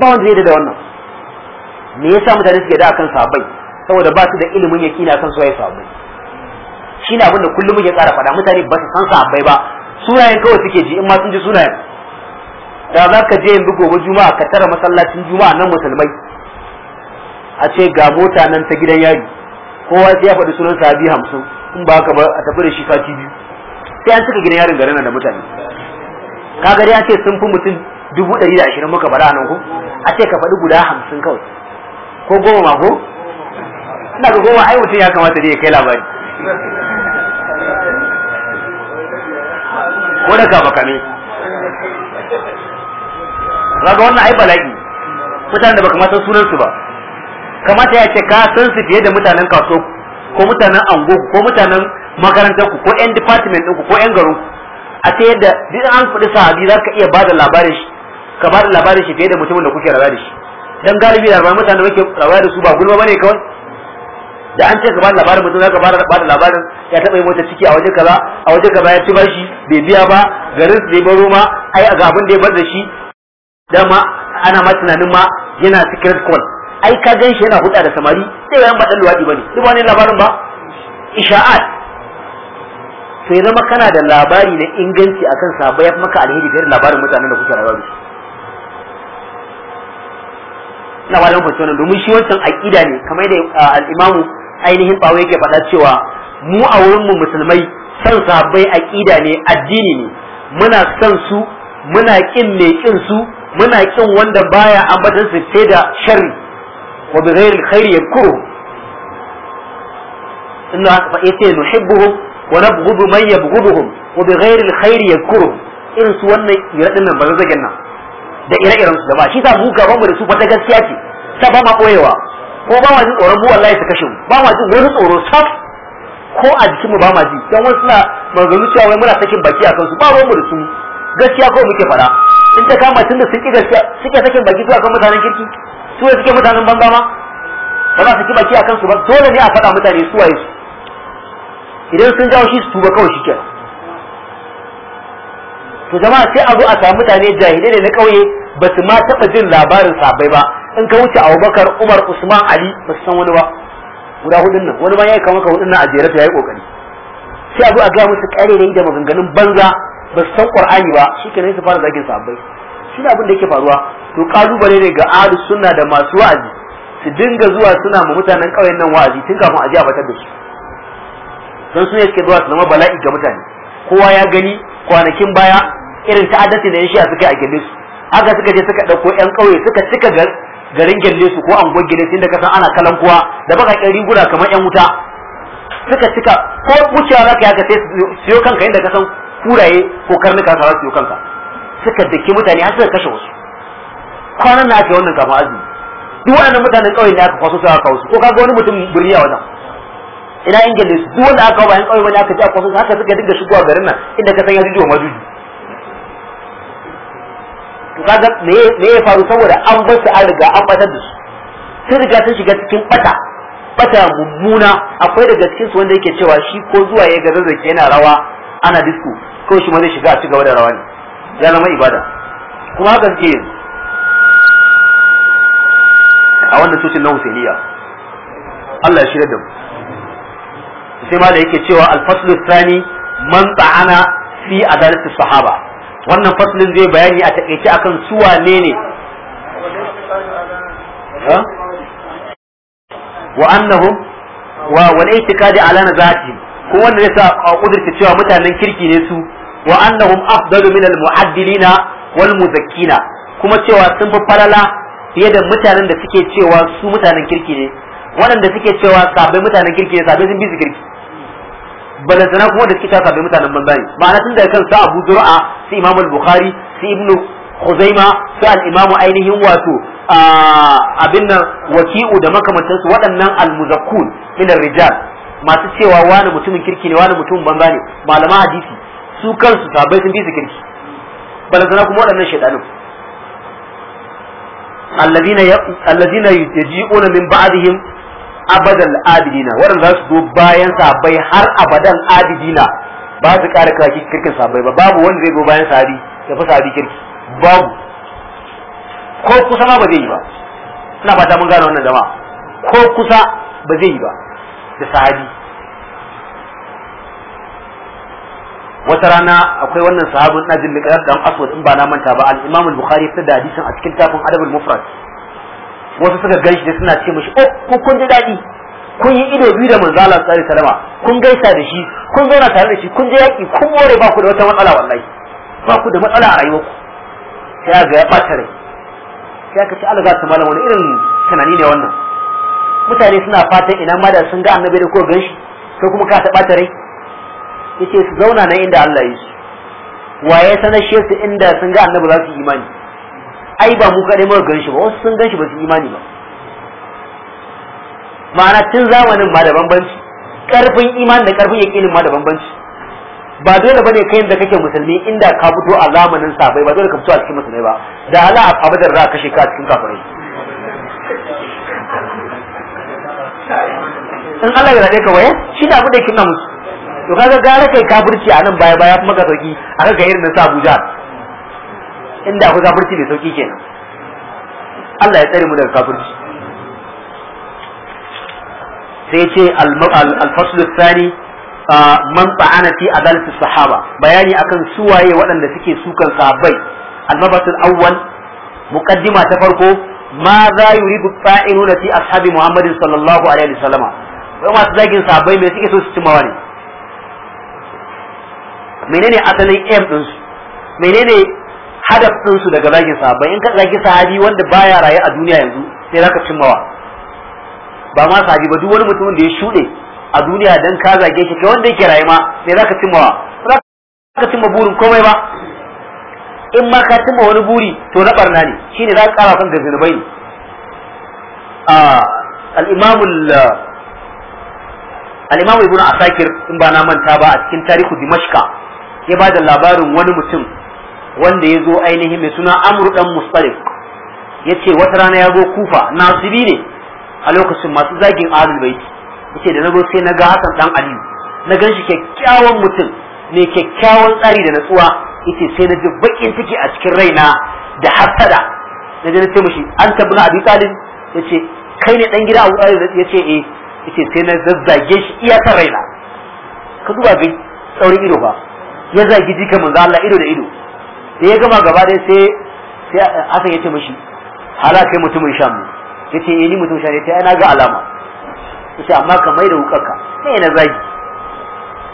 ba wanda zai da wannan me yasa mutane suke da akan sabai saboda ba su da ilimin yakini akan su ya sabai shi ne abin da kullum ya tsara faɗa mutane ba su san sabai ba sunayen kawai suke ji in ma sun ji sunayen da za ka je yanzu gobe juma'a ka tara masallacin juma'a nan musulmai a ce ga mota nan ta gidan yari kowa sai ya faɗi sunan sabi hamsin in ba haka ba a tafi da shi sati biyu sai an cika gina yarin garin da mutane gari dai ce sun fi mutum dubu ɗari da ashirin muka bara nan ko a ce ka faɗi guda hamsin kawai ko goma ma ko ina ga goma ai mutum ya kamata dai ya kai labari ko da kafa kame ga wannan ai bala'i mutanen da baka ma san sunan su ba kamata ya ce ka san su fiye da mutanen kaso ko mutanen ango ko mutanen makarantar ku ko yan department ɗinku ko yan garo a ta yadda duk an faɗi sa za zaka iya bada labarin shi ka bada labarin shi fiye da mutumin da kuke rawa da shi dan galibi da labarin mutane da kuke rawa da su ba gulma bane kawai da an ce ka bada labarin mutum za ka bada labarin ya taɓa yi mota ciki a waje kaza a waje kaza ya ci bashi bai biya ba garin su baro ma ai ga abin da ya bar da shi dama ana ma tunanin ma yana secret call ai ka gan shi yana hulɗa da samari sai yan ba dan luwaɗi bane duk wani labarin ba isha'at sai zama kana da labari na inganci akan sabo ya maka alheri fiye da labarin mutanen da kuke rayuwa da ina ba da domin shi wancan aƙida ne kamar da ah, al'imamu ainihin bawo yake faɗa cewa mu a wurinmu musulmai son sabai aƙida ne addini ne muna son su muna ƙin mai ƙin su muna ƙin wanda baya ambatan su sai da sharri wa bi ghairi alkhairi yakuru inna nuhibbuhum wa nabghudu man yabghuduhum wa bi ghairi alkhair yadhkuruhum irin su wannan iradin nan bazazzagen nan da ire-iren su da ba shi sa mu gaban mu da su fata gaskiya ce ta ba ma koyewa ko ba ma jin tsoron mu wallahi su kashe mu ba ma jin wani tsoro sab ko a jikin mu ba ma ji dan wasu na maganganu cewa wai muna sakin baki a kansu ba ruwan mu da su gaskiya ko muke fara in ta kama tun da sun ki gaskiya suke sakin baki zuwa kan mutanen kirki su suke mutanen banza ma ba za su ki baki a kansu ba dole ne a faɗa mutane su waye su idan sun jawo shi su tuba kawai shi kenan to jama'a sai a zo a samu mutane jahilai ne na kauye ba su ma taba jin labarin sabai ba in ka wuce abubakar umar usman ali ba su san wani ba guda hudun nan wani ma ya kama ka hudun nan a jere ta yayi kokari sai a zo a gaya musu ƙarerai da maganganun banza ba su san qur'ani ba shi kenan su fara zagin sabai shi ne abin da yake faruwa to kalubale ne ga ahlus sunna da masu wa'azi su dinga zuwa suna ma mutanen ƙauyen nan wa'azi tun kafin a je a batar da su don su ne suke zuwa su zama bala'i ga mutane kowa ya gani kwanakin baya irin ta'addasi da shi a suka a gelle su haka suka je suka ɗauko yan ƙauye suka cika garin gelle su ko an gelle su inda ka san ana kalan kowa da baka ƙyan riguna kamar yan wuta suka cika ko wucewa za ka yaka sai siyo kanka inda ka san kuraye ko karnuka ka siyo kanka suka daki mutane har suka kashe wasu kwanan na ake wannan kama azumi duk waɗannan mutanen ƙauye ne aka kwaso su aka kawo su ko kaga wani mutum birni a wajen ina ingilis duk wanda aka bayan kawai wani aka ji akwai haka suka dinga shigowa garin nan inda ka san ya jujuwa majuji to kaga me ya faru saboda an bar su an riga an batar da su sun riga sun shiga cikin bata bata mummuna akwai daga cikin su wanda yake cewa shi ko zuwa ya ga zazzaki yana rawa ana disco ko shi ma zai shiga a ci gaba da rawa ne ya zama ibada kuma haka suke yanzu a wanda cocin na Husainiya Allah ya shirya da mu sai ma da yake cewa al-faslu thani man ta'ana fi adalati sahaba wannan faslin zai bayani a takeice akan su wane ne wa annahu wa wal i'tiqadi ala nazati ko wanda zai sa kudurta cewa mutanen kirki ne su wa annahum afdalu min al mu'addilina wal muzakkina kuma cewa sun fi farala fiye da mutanen da suke cewa su mutanen kirki ne waɗanda suke cewa sabai mutanen kirki ne sabai sun bi su kirki balantana kuma da suke taka bai mutanen banza ne ma'ana tun daga kan sa Abu Zur'a su Imam Bukhari su Ibn Khuzaima su al-Imam ainihin wato abin nan waki'u da makamantansu waɗannan al-muzakkun min rijal masu cewa wani mutumin kirki ne wani mutumin banza ne Malama hadisi su kansu sabai sun bi su kirki balantana kuma waɗannan shaidanin الذين يجيئون من بعدهم abadan abidina waɗanda za su zo bayan sahabbai har abadan abidina ba su ƙara kaki kirkin sahabbai ba babu wanda zai zo bayan sahabi ya fi sahabi kirki babu ko kusa ma ba zai yi ba ina fata mun gane wannan jama'a ko kusa ba zai yi ba da sahabi wata rana akwai wannan sahabin najin liqab dan aswad in ba na manta ba al-imam al-bukhari ya da hadisin a cikin tafin adabul mufrad wasu suka gaishe suna ce mishi oh ko kun ji daɗi kun yi ido biyu da manzo Allah sallallahu alaihi wasallam kun gaisa da shi kun zauna tare da shi kun je yaki kun more ba ku da wata matsala wallahi ba ku da matsala a rayuwarku sai ga ya bata rai sai aka ce Allah za ta malam wani irin tunani ne wannan mutane suna fatan ina ma da sun ga annabi da ko shi? sai kuma ka ta ɓata rai yace su zauna nan inda Allah ya yi waye sanar shi su inda sun ga annabi za su imani ai ba mu kaɗai muka gan shi ba wasu sun gan shi ba su imani ba ma'ana tun zamanin ma da bambanci karfin imani da karfin yaqinin ma da bambanci ba dole bane kai da kake musulmi inda ka fito a zamanin sabai ba dole ka fito a cikin musulmai ba da ala a abadar za kashe ka a cikin kafirai in Allah ya rade ka waye shi da abu da kinna musu to kaga gara kai kafirci a nan baya baya kuma ka sauki aka ga irin na sa Abuja inda akwai kafirci mai sauki kenan Allah ya tsare mu daga kafirci sai ce al-fasl al-thani man ta'ana fi adalati sahaba bayani akan suwaye waɗanda suke sukan sahabbai al-mabas al-awwal muqaddima ta farko ma za yuridu fa'iluna fi ashabi muhammadin sallallahu alaihi wasallam wai masu zagin sahabbai me suke so su cimma wani menene asalin aim din su menene hadaf din su daga zagin sahabai in ka zagi sahabi wanda baya raye a duniya yanzu sai zaka cimmawa ba ma sahabi ba duk wani mutumin da ya shuɗe a duniya dan ka zage shi kai wanda yake raye ma sai zaka cimmawa ba zaka cimma burin komai ba in ma ka cimma wani buri to na barna ne shine za ka kara son da zunubai al-imam al-imam ibn asakir in ba na manta ba a cikin tarihu dimashka ya ba da labarin wani mutum wanda ya zo ainihin mai suna amru dan mustalif ya ce wata rana ya zo kufa nasibi ne a lokacin masu zagin ahlul baiti yace da na sai na ga hasan dan aliyu na gan shi kyakkyawan mutum mai kyakkyawan tsari da natsuwa yace sai na ji bakin take a cikin raina da hasada na ji na ce mishi an abin abi talib yace kai ne dan gida abu talib yace eh yace sai na zazzage shi iya raina ka duba bai tsaurin ido ba ya zagi jika manzo Allah ido da ido sai ya gama gaba dai sai sai aka yace mishi hala kai mutumin shanu. yace eh ni mutumin sham yace ai na ga alama yace amma ka mai da ka. sai na zagi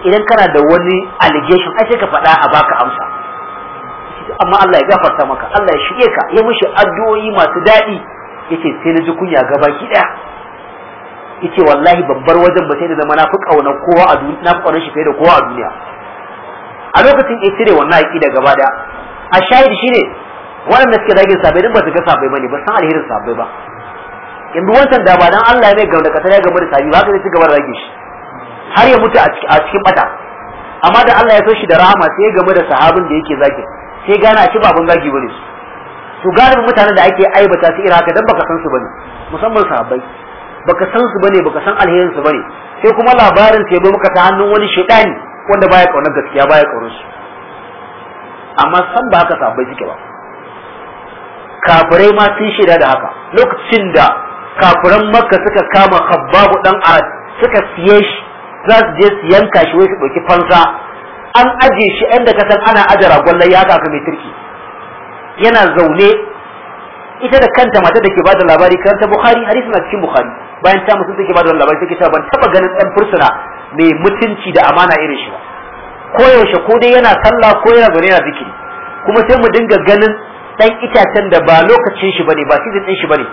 idan kana da wani allegation ai sai ka faɗa a baka amsa amma Allah ya gafarta maka Allah ya shige ka ya mishi addu'o'i masu daɗi yace sai na ji kunya gaba ki daya yace wallahi babbar wajen ba sai da zama na fi kauna kowa a duniya na fi kauna shi fiye da kowa a duniya a lokacin ya cire wannan aqida gaba da a shi ne, waɗanda suke zagin sabai din ba su ga sabai ne, ba san alherin sabai ba yanzu wancan da ba dan Allah ya mai gaba da kasar ya gaba da sabi ba haka zai ci gaba da rage shi har ya mutu a cikin bata amma da Allah ya so shi da rahama sai ya gaba da sahabin da yake zagin sai gana shi baban zagi ne. su to galibin mutanen da ake aibata su ira haka dan baka san su ba ne, musamman sahabbai baka san su ba ne baka san alherin su ne, sai kuma labarin sai bai muka ta hannun wani shaidani wanda baya kaunar gaskiya baya kaunar su amma san ba haka sabai suke ba kafirai ma sun shida da haka lokacin da kafiran makka suka kama kabbabu dan arad suka siye shi za su je su yanka shi wai su ɗauki fansa an aje shi inda ka san ana aje ragwallon ya haka mai turki yana zaune ita da kanta mata da ke bada labari karanta bukhari hadis na cikin bukhari bayan ta mutum take bada labari take cewa ban taba ganin dan fursuna mai mutunci da amana irin shi ba koyaushe ko dai yana sallah ko yana zuri yana zikiri kuma sai mu dinga ganin dan itacen da ba lokacin shi bane ba season din shi bane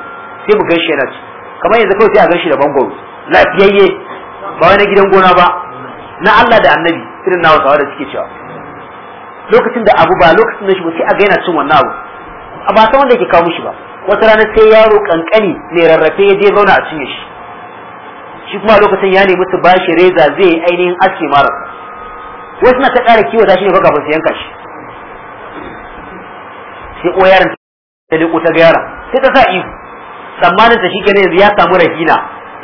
sai mu gan shi yana ci kamar yanzu kawai sai a gan shi da bango lafiyayye ba wani na gidan gona ba na Allah da Annabi irin nawa sawa da suke cewa lokacin da abu ba lokacin da shi ba sai a ga yana cin wannan abu a ba san wanda yake kawo shi ba wata rana sai yaro kankani ne rarrafe ya je zauna a cinye shi shi kuma lokacin ya nemi su bashi reza zai ainihin aske mara wai suna ta ƙara kiwata shi ne ko kafin su yanka shi sai ko yaron ta leko ta ga yaron sai ta sa ihu tsammanin ta shikenan yanzu ya samu rahina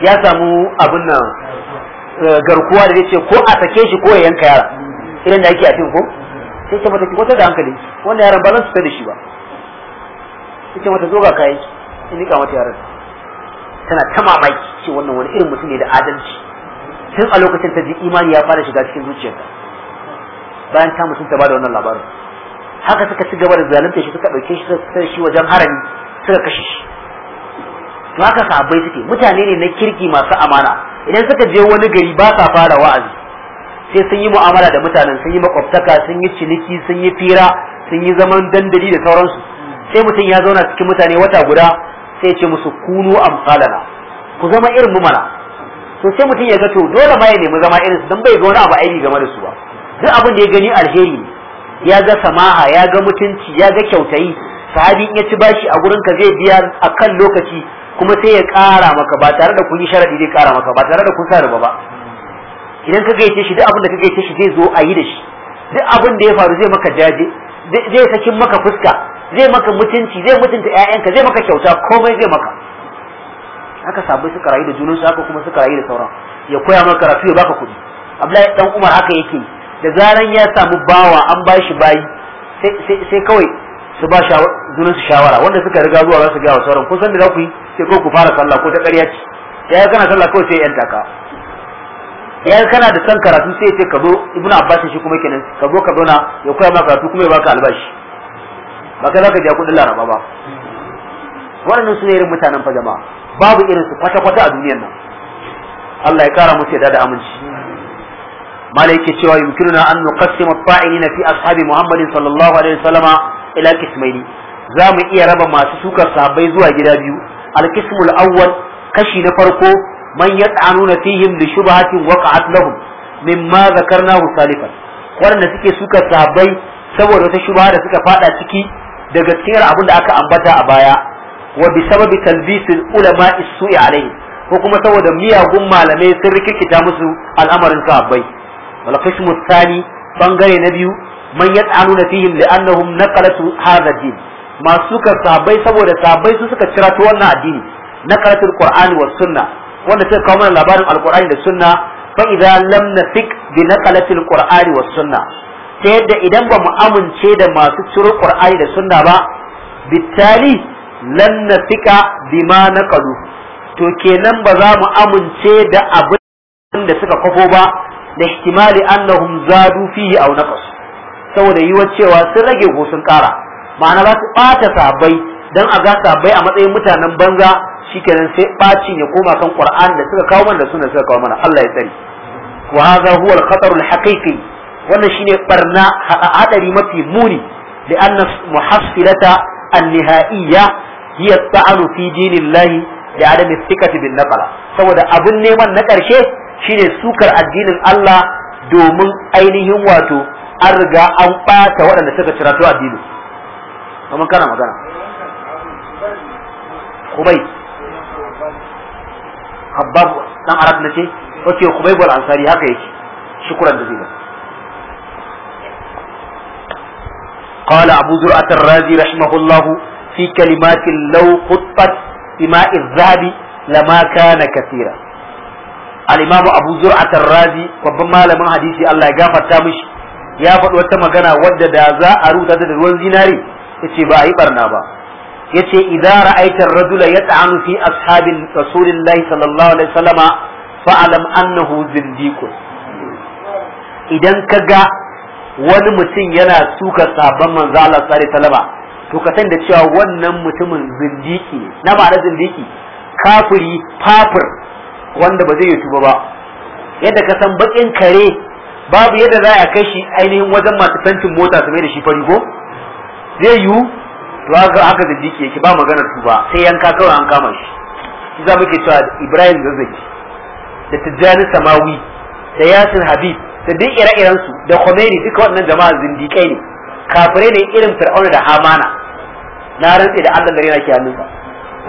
ya samu abin nan eh, garkuwa da zai ce ko a sake shi ko ya yanka yara idan da ake a cikin ko sai ce mata ki kwata da hankali wanda yaron ba zan su da shi ba sai ce mata zo ga kayan ki in nika mata yaron tana ta mamaki ce wannan wani irin mutum ne da adalci tun a lokacin ta ji imani ya fara shiga cikin zuciyarta bayan ta musulunta ba da wannan labarin haka suka ci gaba da zalunta shi suka dauke shi suka shi wajen harami suka kashe shi to haka sahabbai suke mutane ne na kirki masu amana idan suka je wani gari ba sa fara wa'azi sai sun yi mu'amala da mutanen sun yi makwabtaka sun yi ciniki sun yi fira sun yi zaman dandali da sauransu sai mutum ya zauna cikin mutane wata guda sai ya ce musu kunu amsalana ku zama irin mu mana to sai mutum ya ga to dole ma ya nemi zama irin su dan bai ga wani abu aiki game da su ba duk abin da ya gani alheri ya ga samaha ya ga mutunci ya ga kyautayi sahabi in ya ci bashi a gurinka zai biya akan lokaci kuma sai ya ƙara maka ba tare da kun yi sharadi zai ƙara maka ba tare da kun sa riba ba idan ka gaice shi duk abin da ka gaice shi zai zo a yi da shi duk abin da ya faru zai maka jaje zai sakin maka fuska zai maka mutunci zai mutunta ƴaƴanka zai maka kyauta komai zai maka haka sabai suka rayu da junansu haka kuma suka rayu da sauran ya koya maka karatu ya baka kuɗi Abdullahi dan Umar haka yake da zaran ya samu bawa an ba shi bayi sai kawai su ba junan su shawara wanda suka riga zuwa za su gaya wa sauran kusan san da za ku yi sai ko ku fara sallah ko ta ƙarya ce ya yi kana sallah kawai sai yan taka ya yi kana da san karatu sai ya ce ka zo ibnu abbasin shi kuma kenan ka zo ka zauna ya koya ma karatu kuma ya baka albashi ba kai za ka biya kuɗin laraba ba waɗannan su ne irin mutanen fa jama'a babu irin su kwata-kwata a duniyar nan Allah ya kara musu da aminci malai yake cewa yumkinuna an nuqassima fa'ilina fi ashabi muhammadin sallallahu ila kismaini za mu iya raba masu sukar sahabbai zuwa gida biyu alkismul awwal kashi na farko man yat'anuna fihim li shubhatin waqa'at lahum mimma zakarnahu salifan waɗanda suke sukar sahabbai saboda wata shubha da suka faɗa ciki daga cikin abin da aka ambata a baya wa bi sababi talbisil ulama isu'i alaihi ko kuma saboda miyagun malamai sun rikikita musu al'amarin sahabbai wal qismu thani bangare na biyu man yad'anuna fihim li'annahum naqalatu hadha din masu ka sabai saboda sabai su suka cira to wannan addini naqalatul qur'ani was sunna wanda suka kawo mana labarin alqur'ani da sunna fa idza lam nafik bi naqalatil qur'ani was sunna ta yadda idan ba mu amince da masu ciro qur'ani da sunna ba bittali lan nafika bima naqalu to kenan ba za mu amince da abin da suka kwafo ba da ihtimali annahum zadu fihi aw naqas saboda yiwuwar cewa sun rage ko sun kara ma'ana za su bata sabai dan a ga sabai a matsayin mutanen banza shikenan sai bacin ya koma kan qur'an da suka kawo mana da sunan suka kawo mana Allah ya tsare wa hadha huwa al-khatar al-haqiqi wannan shine barna hadari mafi muni li anna muhassilata an-nihaiya hiya at fi dinillahi da adam thiqati bin naqala saboda abun neman na karshe shine sukar addinin Allah domin ainihin wato an riga an ɓata waɗanda suka to addini kuma kana magana kubai habab dan arab ne ce wace kubai bal ansari haka yake shukuran da zai قال أبو زرعة الرازي رحمه الله في كلمات لو قطت بماء الذهب لما كان كثيرا al-imamu abu zur'at razi babban malamin hadisi Allah ya gafarta mishi ya faɗi wata magana wadda da za a rubuta ta da ruwan zinari yace ba a yi barna ba yace idza ra'aita ar-rajula yat'anu fi ashabin rasulillahi sallallahu alaihi wasallama fa'alam annahu zindiqun idan ka ga wani mutum yana suka sabon manzo Allah sallallahu alaihi wasallama to ka san da cewa wannan mutumin zindiki na ba da zindiki kafiri fafir wanda ba zai yi tuba ba yadda ka san bakin kare babu yadda za a kai shi ainihin wajen masu fentin mota su mai da shi fari ko zai yiwu to haka haka da jiki yake ba maganar tuba sai yanka kawai an kama shi shi za muke cewa Ibrahim Zazzaki da Tijjani Samawi da Yasin Habib da duk ire-iren su da Khomeini duka waɗannan jama'a zindikai ne kafirai ne irin Fir'auna da Hamana na rantse da Allah da na ke hannunsa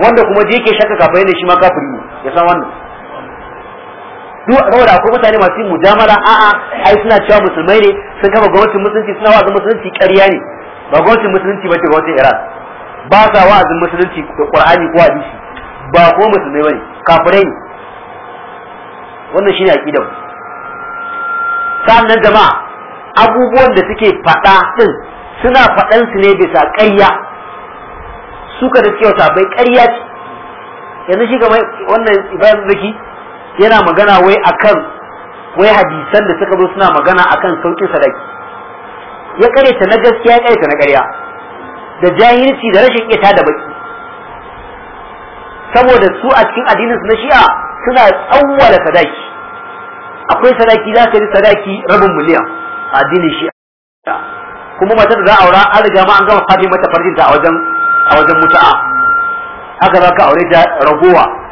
wanda kuma je ke shakka kafirai ne shi ma kafiri ne ya san wannan duk saboda akwai mutane masu yin mujamala a'a ai suna cewa musulmai ne sun kafa gwamnatin musulunci suna wa'azin musulunci ƙarya ne ba gwamnatin musulunci ba ce gwamnatin Iran ba sa wa'azin musulunci da Qur'ani ko hadisi ba ko musulmai bane kafirai ne wannan shine aqidar sannan jama'a abubuwan da suke faɗa din suna faɗan su ne bisa ƙarya suka da cewa sabai ƙarya ce yanzu shi kamar wannan Ibrahim Zaki yana magana wai akan wai hadisan da suka zo suna magana akan sauƙin sadaki ya karyata na gaskiya ya karyata na ƙarya da jahilci da rashin iya da baki saboda su a cikin addinin su na shi'a suna tsawwala sadaki akwai sadaki za ka yi sadaki rabin miliyan a addinin shi'a kuma matar da za a aura an riga ma an gama fadi mata farjinta a wajen a wajen mutu'a haka za ka aure ta ragowa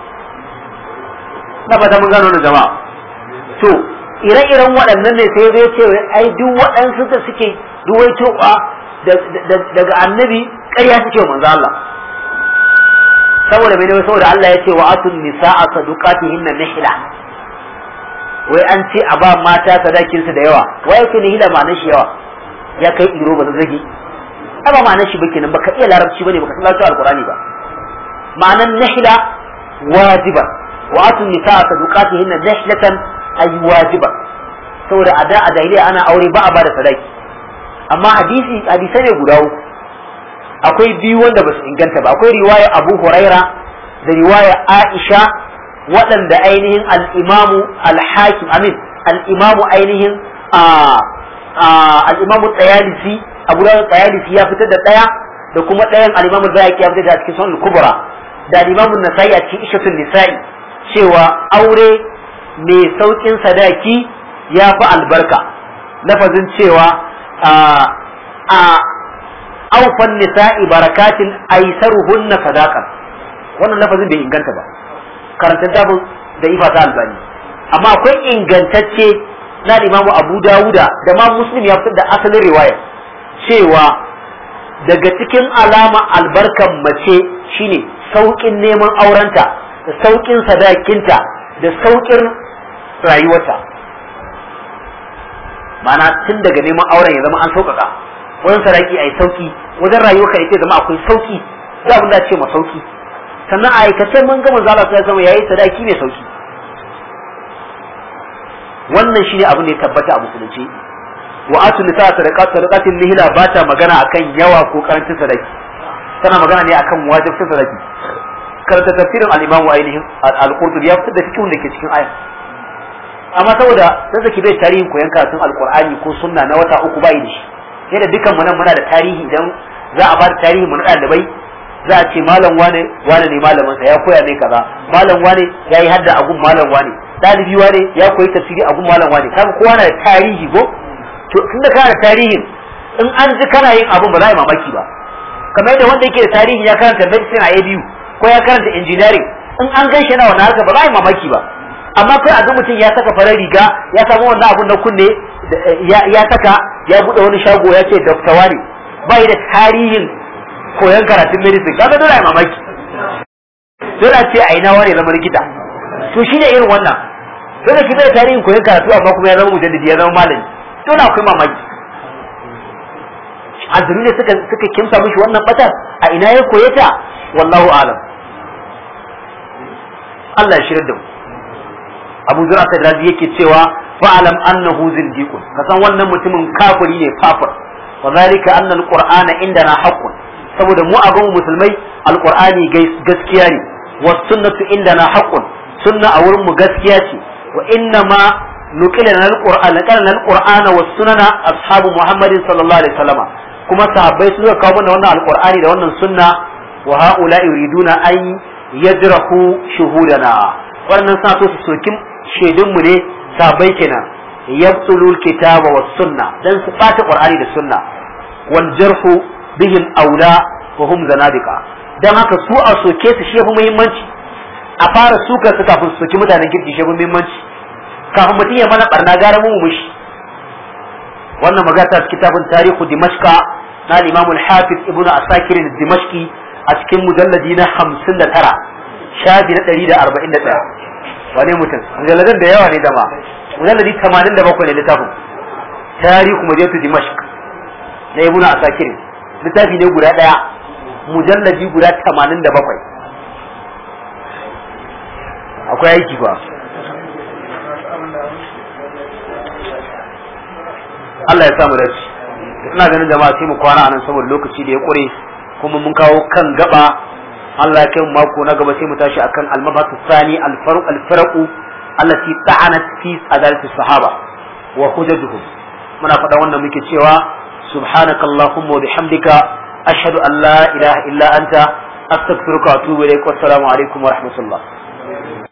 na fata mun gano da jama'a to ire-iren waɗannan ne sai zai ce ai duk waɗansu da suke duwai ba daga annabi ƙarya suke manzo Allah saboda mene saboda Allah ya ce wa atun nisa'a sadukatihinna nihla wai an ce a ba mata sadakinsu da yawa wai yake nihla ma'anar shi yawa ya kai iro ba zage ba ma'anar shi bake nan baka iya larabci bane baka san larabci alqurani ba ma'anar nihla wajiba wa atu nisa sadaqatihinna nahlatan ay wajiba saboda a da a jahiliya ana aure ba a bada sadaki amma hadisi hadisai ne guda uku akwai biyu wanda basu inganta ba akwai riwaya Abu Huraira da riwaya Aisha waɗanda ainihin al al-Hakim amin al-Imamu ainihin al-Imamu Tayalisi Abu Dawud Tayalisi ya fitar da ɗaya da kuma ɗayan al-Imamu Bayhaqi ya fitar da cikin Sunan Kubra da al-Imamu Nasa'i a cikin Ishatul Nisa'i cewa aure mai saukin sadaki ya fi albarka lafazin cewa a aufan nisa'i barakatin na sadaka wannan lafazin bai inganta ba karanta dabin da ifa ta albani amma akwai ingantacce na imamu abu dawuda da ma muslim ya fitar da asalin riwaya cewa daga cikin alama albarkan mace shine sauƙin neman aurenta da saukin sadakinta da saukin rayuwarta mana tun daga neman auren ya zama an sauƙaƙa wajen sadaki a yi sauƙi wajen rayuwarka ce zama akwai sauƙi za mu dace ma sauƙi sannan a aikace mun gama manzo Allah sallallahu ya yayi sadaki mai sauƙi wannan shine abin da ya tabbata a musulunci wa atu nisa sadaqat sadaqatin nihila ba ta magana akan yawa ko karancin sadaki tana magana ne akan wajibcin sadaki karanta tafsirin al imam ainihin al-qurtubi ya fitar da cikin da ke cikin aya amma saboda sai zaki bai tarihin koyan karatun al-Qur'ani ko sunna na wata uku bai da shi sai da dukan mu nan muna da tarihi idan za a ba da tarihi mu na dalibai za a ce malam wane wane ne malamin sa ya koya mai kaza malam wane yayi hadda agun malam wane dalibi wane ya koyi tafsiri agun malam wane kaga kowa na da tarihi go to tunda kana da tarihin in an ji kana yin abun ba za a yi mamaki ba kamar yadda wanda yake da tarihi ya karanta medicine a biyu ko ya karanta engineering in an gan shi yana wannan harka ba za a yi mamaki ba amma kai a ga mutum ya saka farar riga ya samu wannan abun na kunne ya saka ya bude wani shago ya ce dokta wani bai da tarihin koyon karatun medicine kaga dole a yi mamaki dole a ce a ina wani zama likita to shine irin wannan dole da kibai tarihin koyon karatu amma kuma ya zama mujallidi ya zama malami dole akwai mamaki azumi ne suka suka kimsa mishi wannan batar a ina ya koyeta ta wallahu alam Allah ya shirar da mu Abu Zur'a Sadrazi yake cewa fa'alam annahu zindiqun ka san wannan mutumin kafiri ne fafir wa zalika anna alqur'ana indana haqqun saboda mu abin musulmai alqur'ani gaskiya ne was sunnatu indana haqqun sunna a wurin mu gaskiya ce wa inna ma nuqila lana alqur'ana kana alqur'ana was sunana ashabu muhammadin sallallahu alaihi wasallam kuma sahabbai suka kawo mana wannan alqur'ani da wannan sunna wa haula yuriduna ay Yadirahu shuhudana wannan sa so su sokin shaidun mu ne sabai kenan yabtulu kitaba was sunna dan su bata qur'ani da sunna wal jarhu bihim aula wa hum zanadika dan haka su a soke su shi fa muhimmanci a fara suka su kafin su soki mutanen shi fa muhimmanci kafin mutum ya mana barna gara mu mushi wannan magana ta kitabun tarihu dimashqa na al al-hafiz ibnu asakir dimashqi a cikin mujalladi na hamsin da tara shafi na ɗari da arba'in da ɗaya wane mutum mujalladan da yawa ne dama mujalladi tamanin da bakwai ne littafin tarihu madiyatu dimashq na ibnu asakir littafi ne guda ɗaya mujalladi guda tamanin da bakwai akwai aiki ba Allah ya samu dace ina ganin jama'a sai mu kwana anan saboda lokaci da ya ƙure. kuma mun kawo kan gaba Allah ya kai mako na gaba sai mu tashi akan al-mabasu sani al-faruq al-farqu allati ta'anat fi adalati sahaba wa hujajuhum muna faɗa wannan muke cewa subhanakallahumma wa bihamdika ashhadu an la ilaha illa anta astaghfiruka wa atubu wa assalamu alaikum wa rahmatullah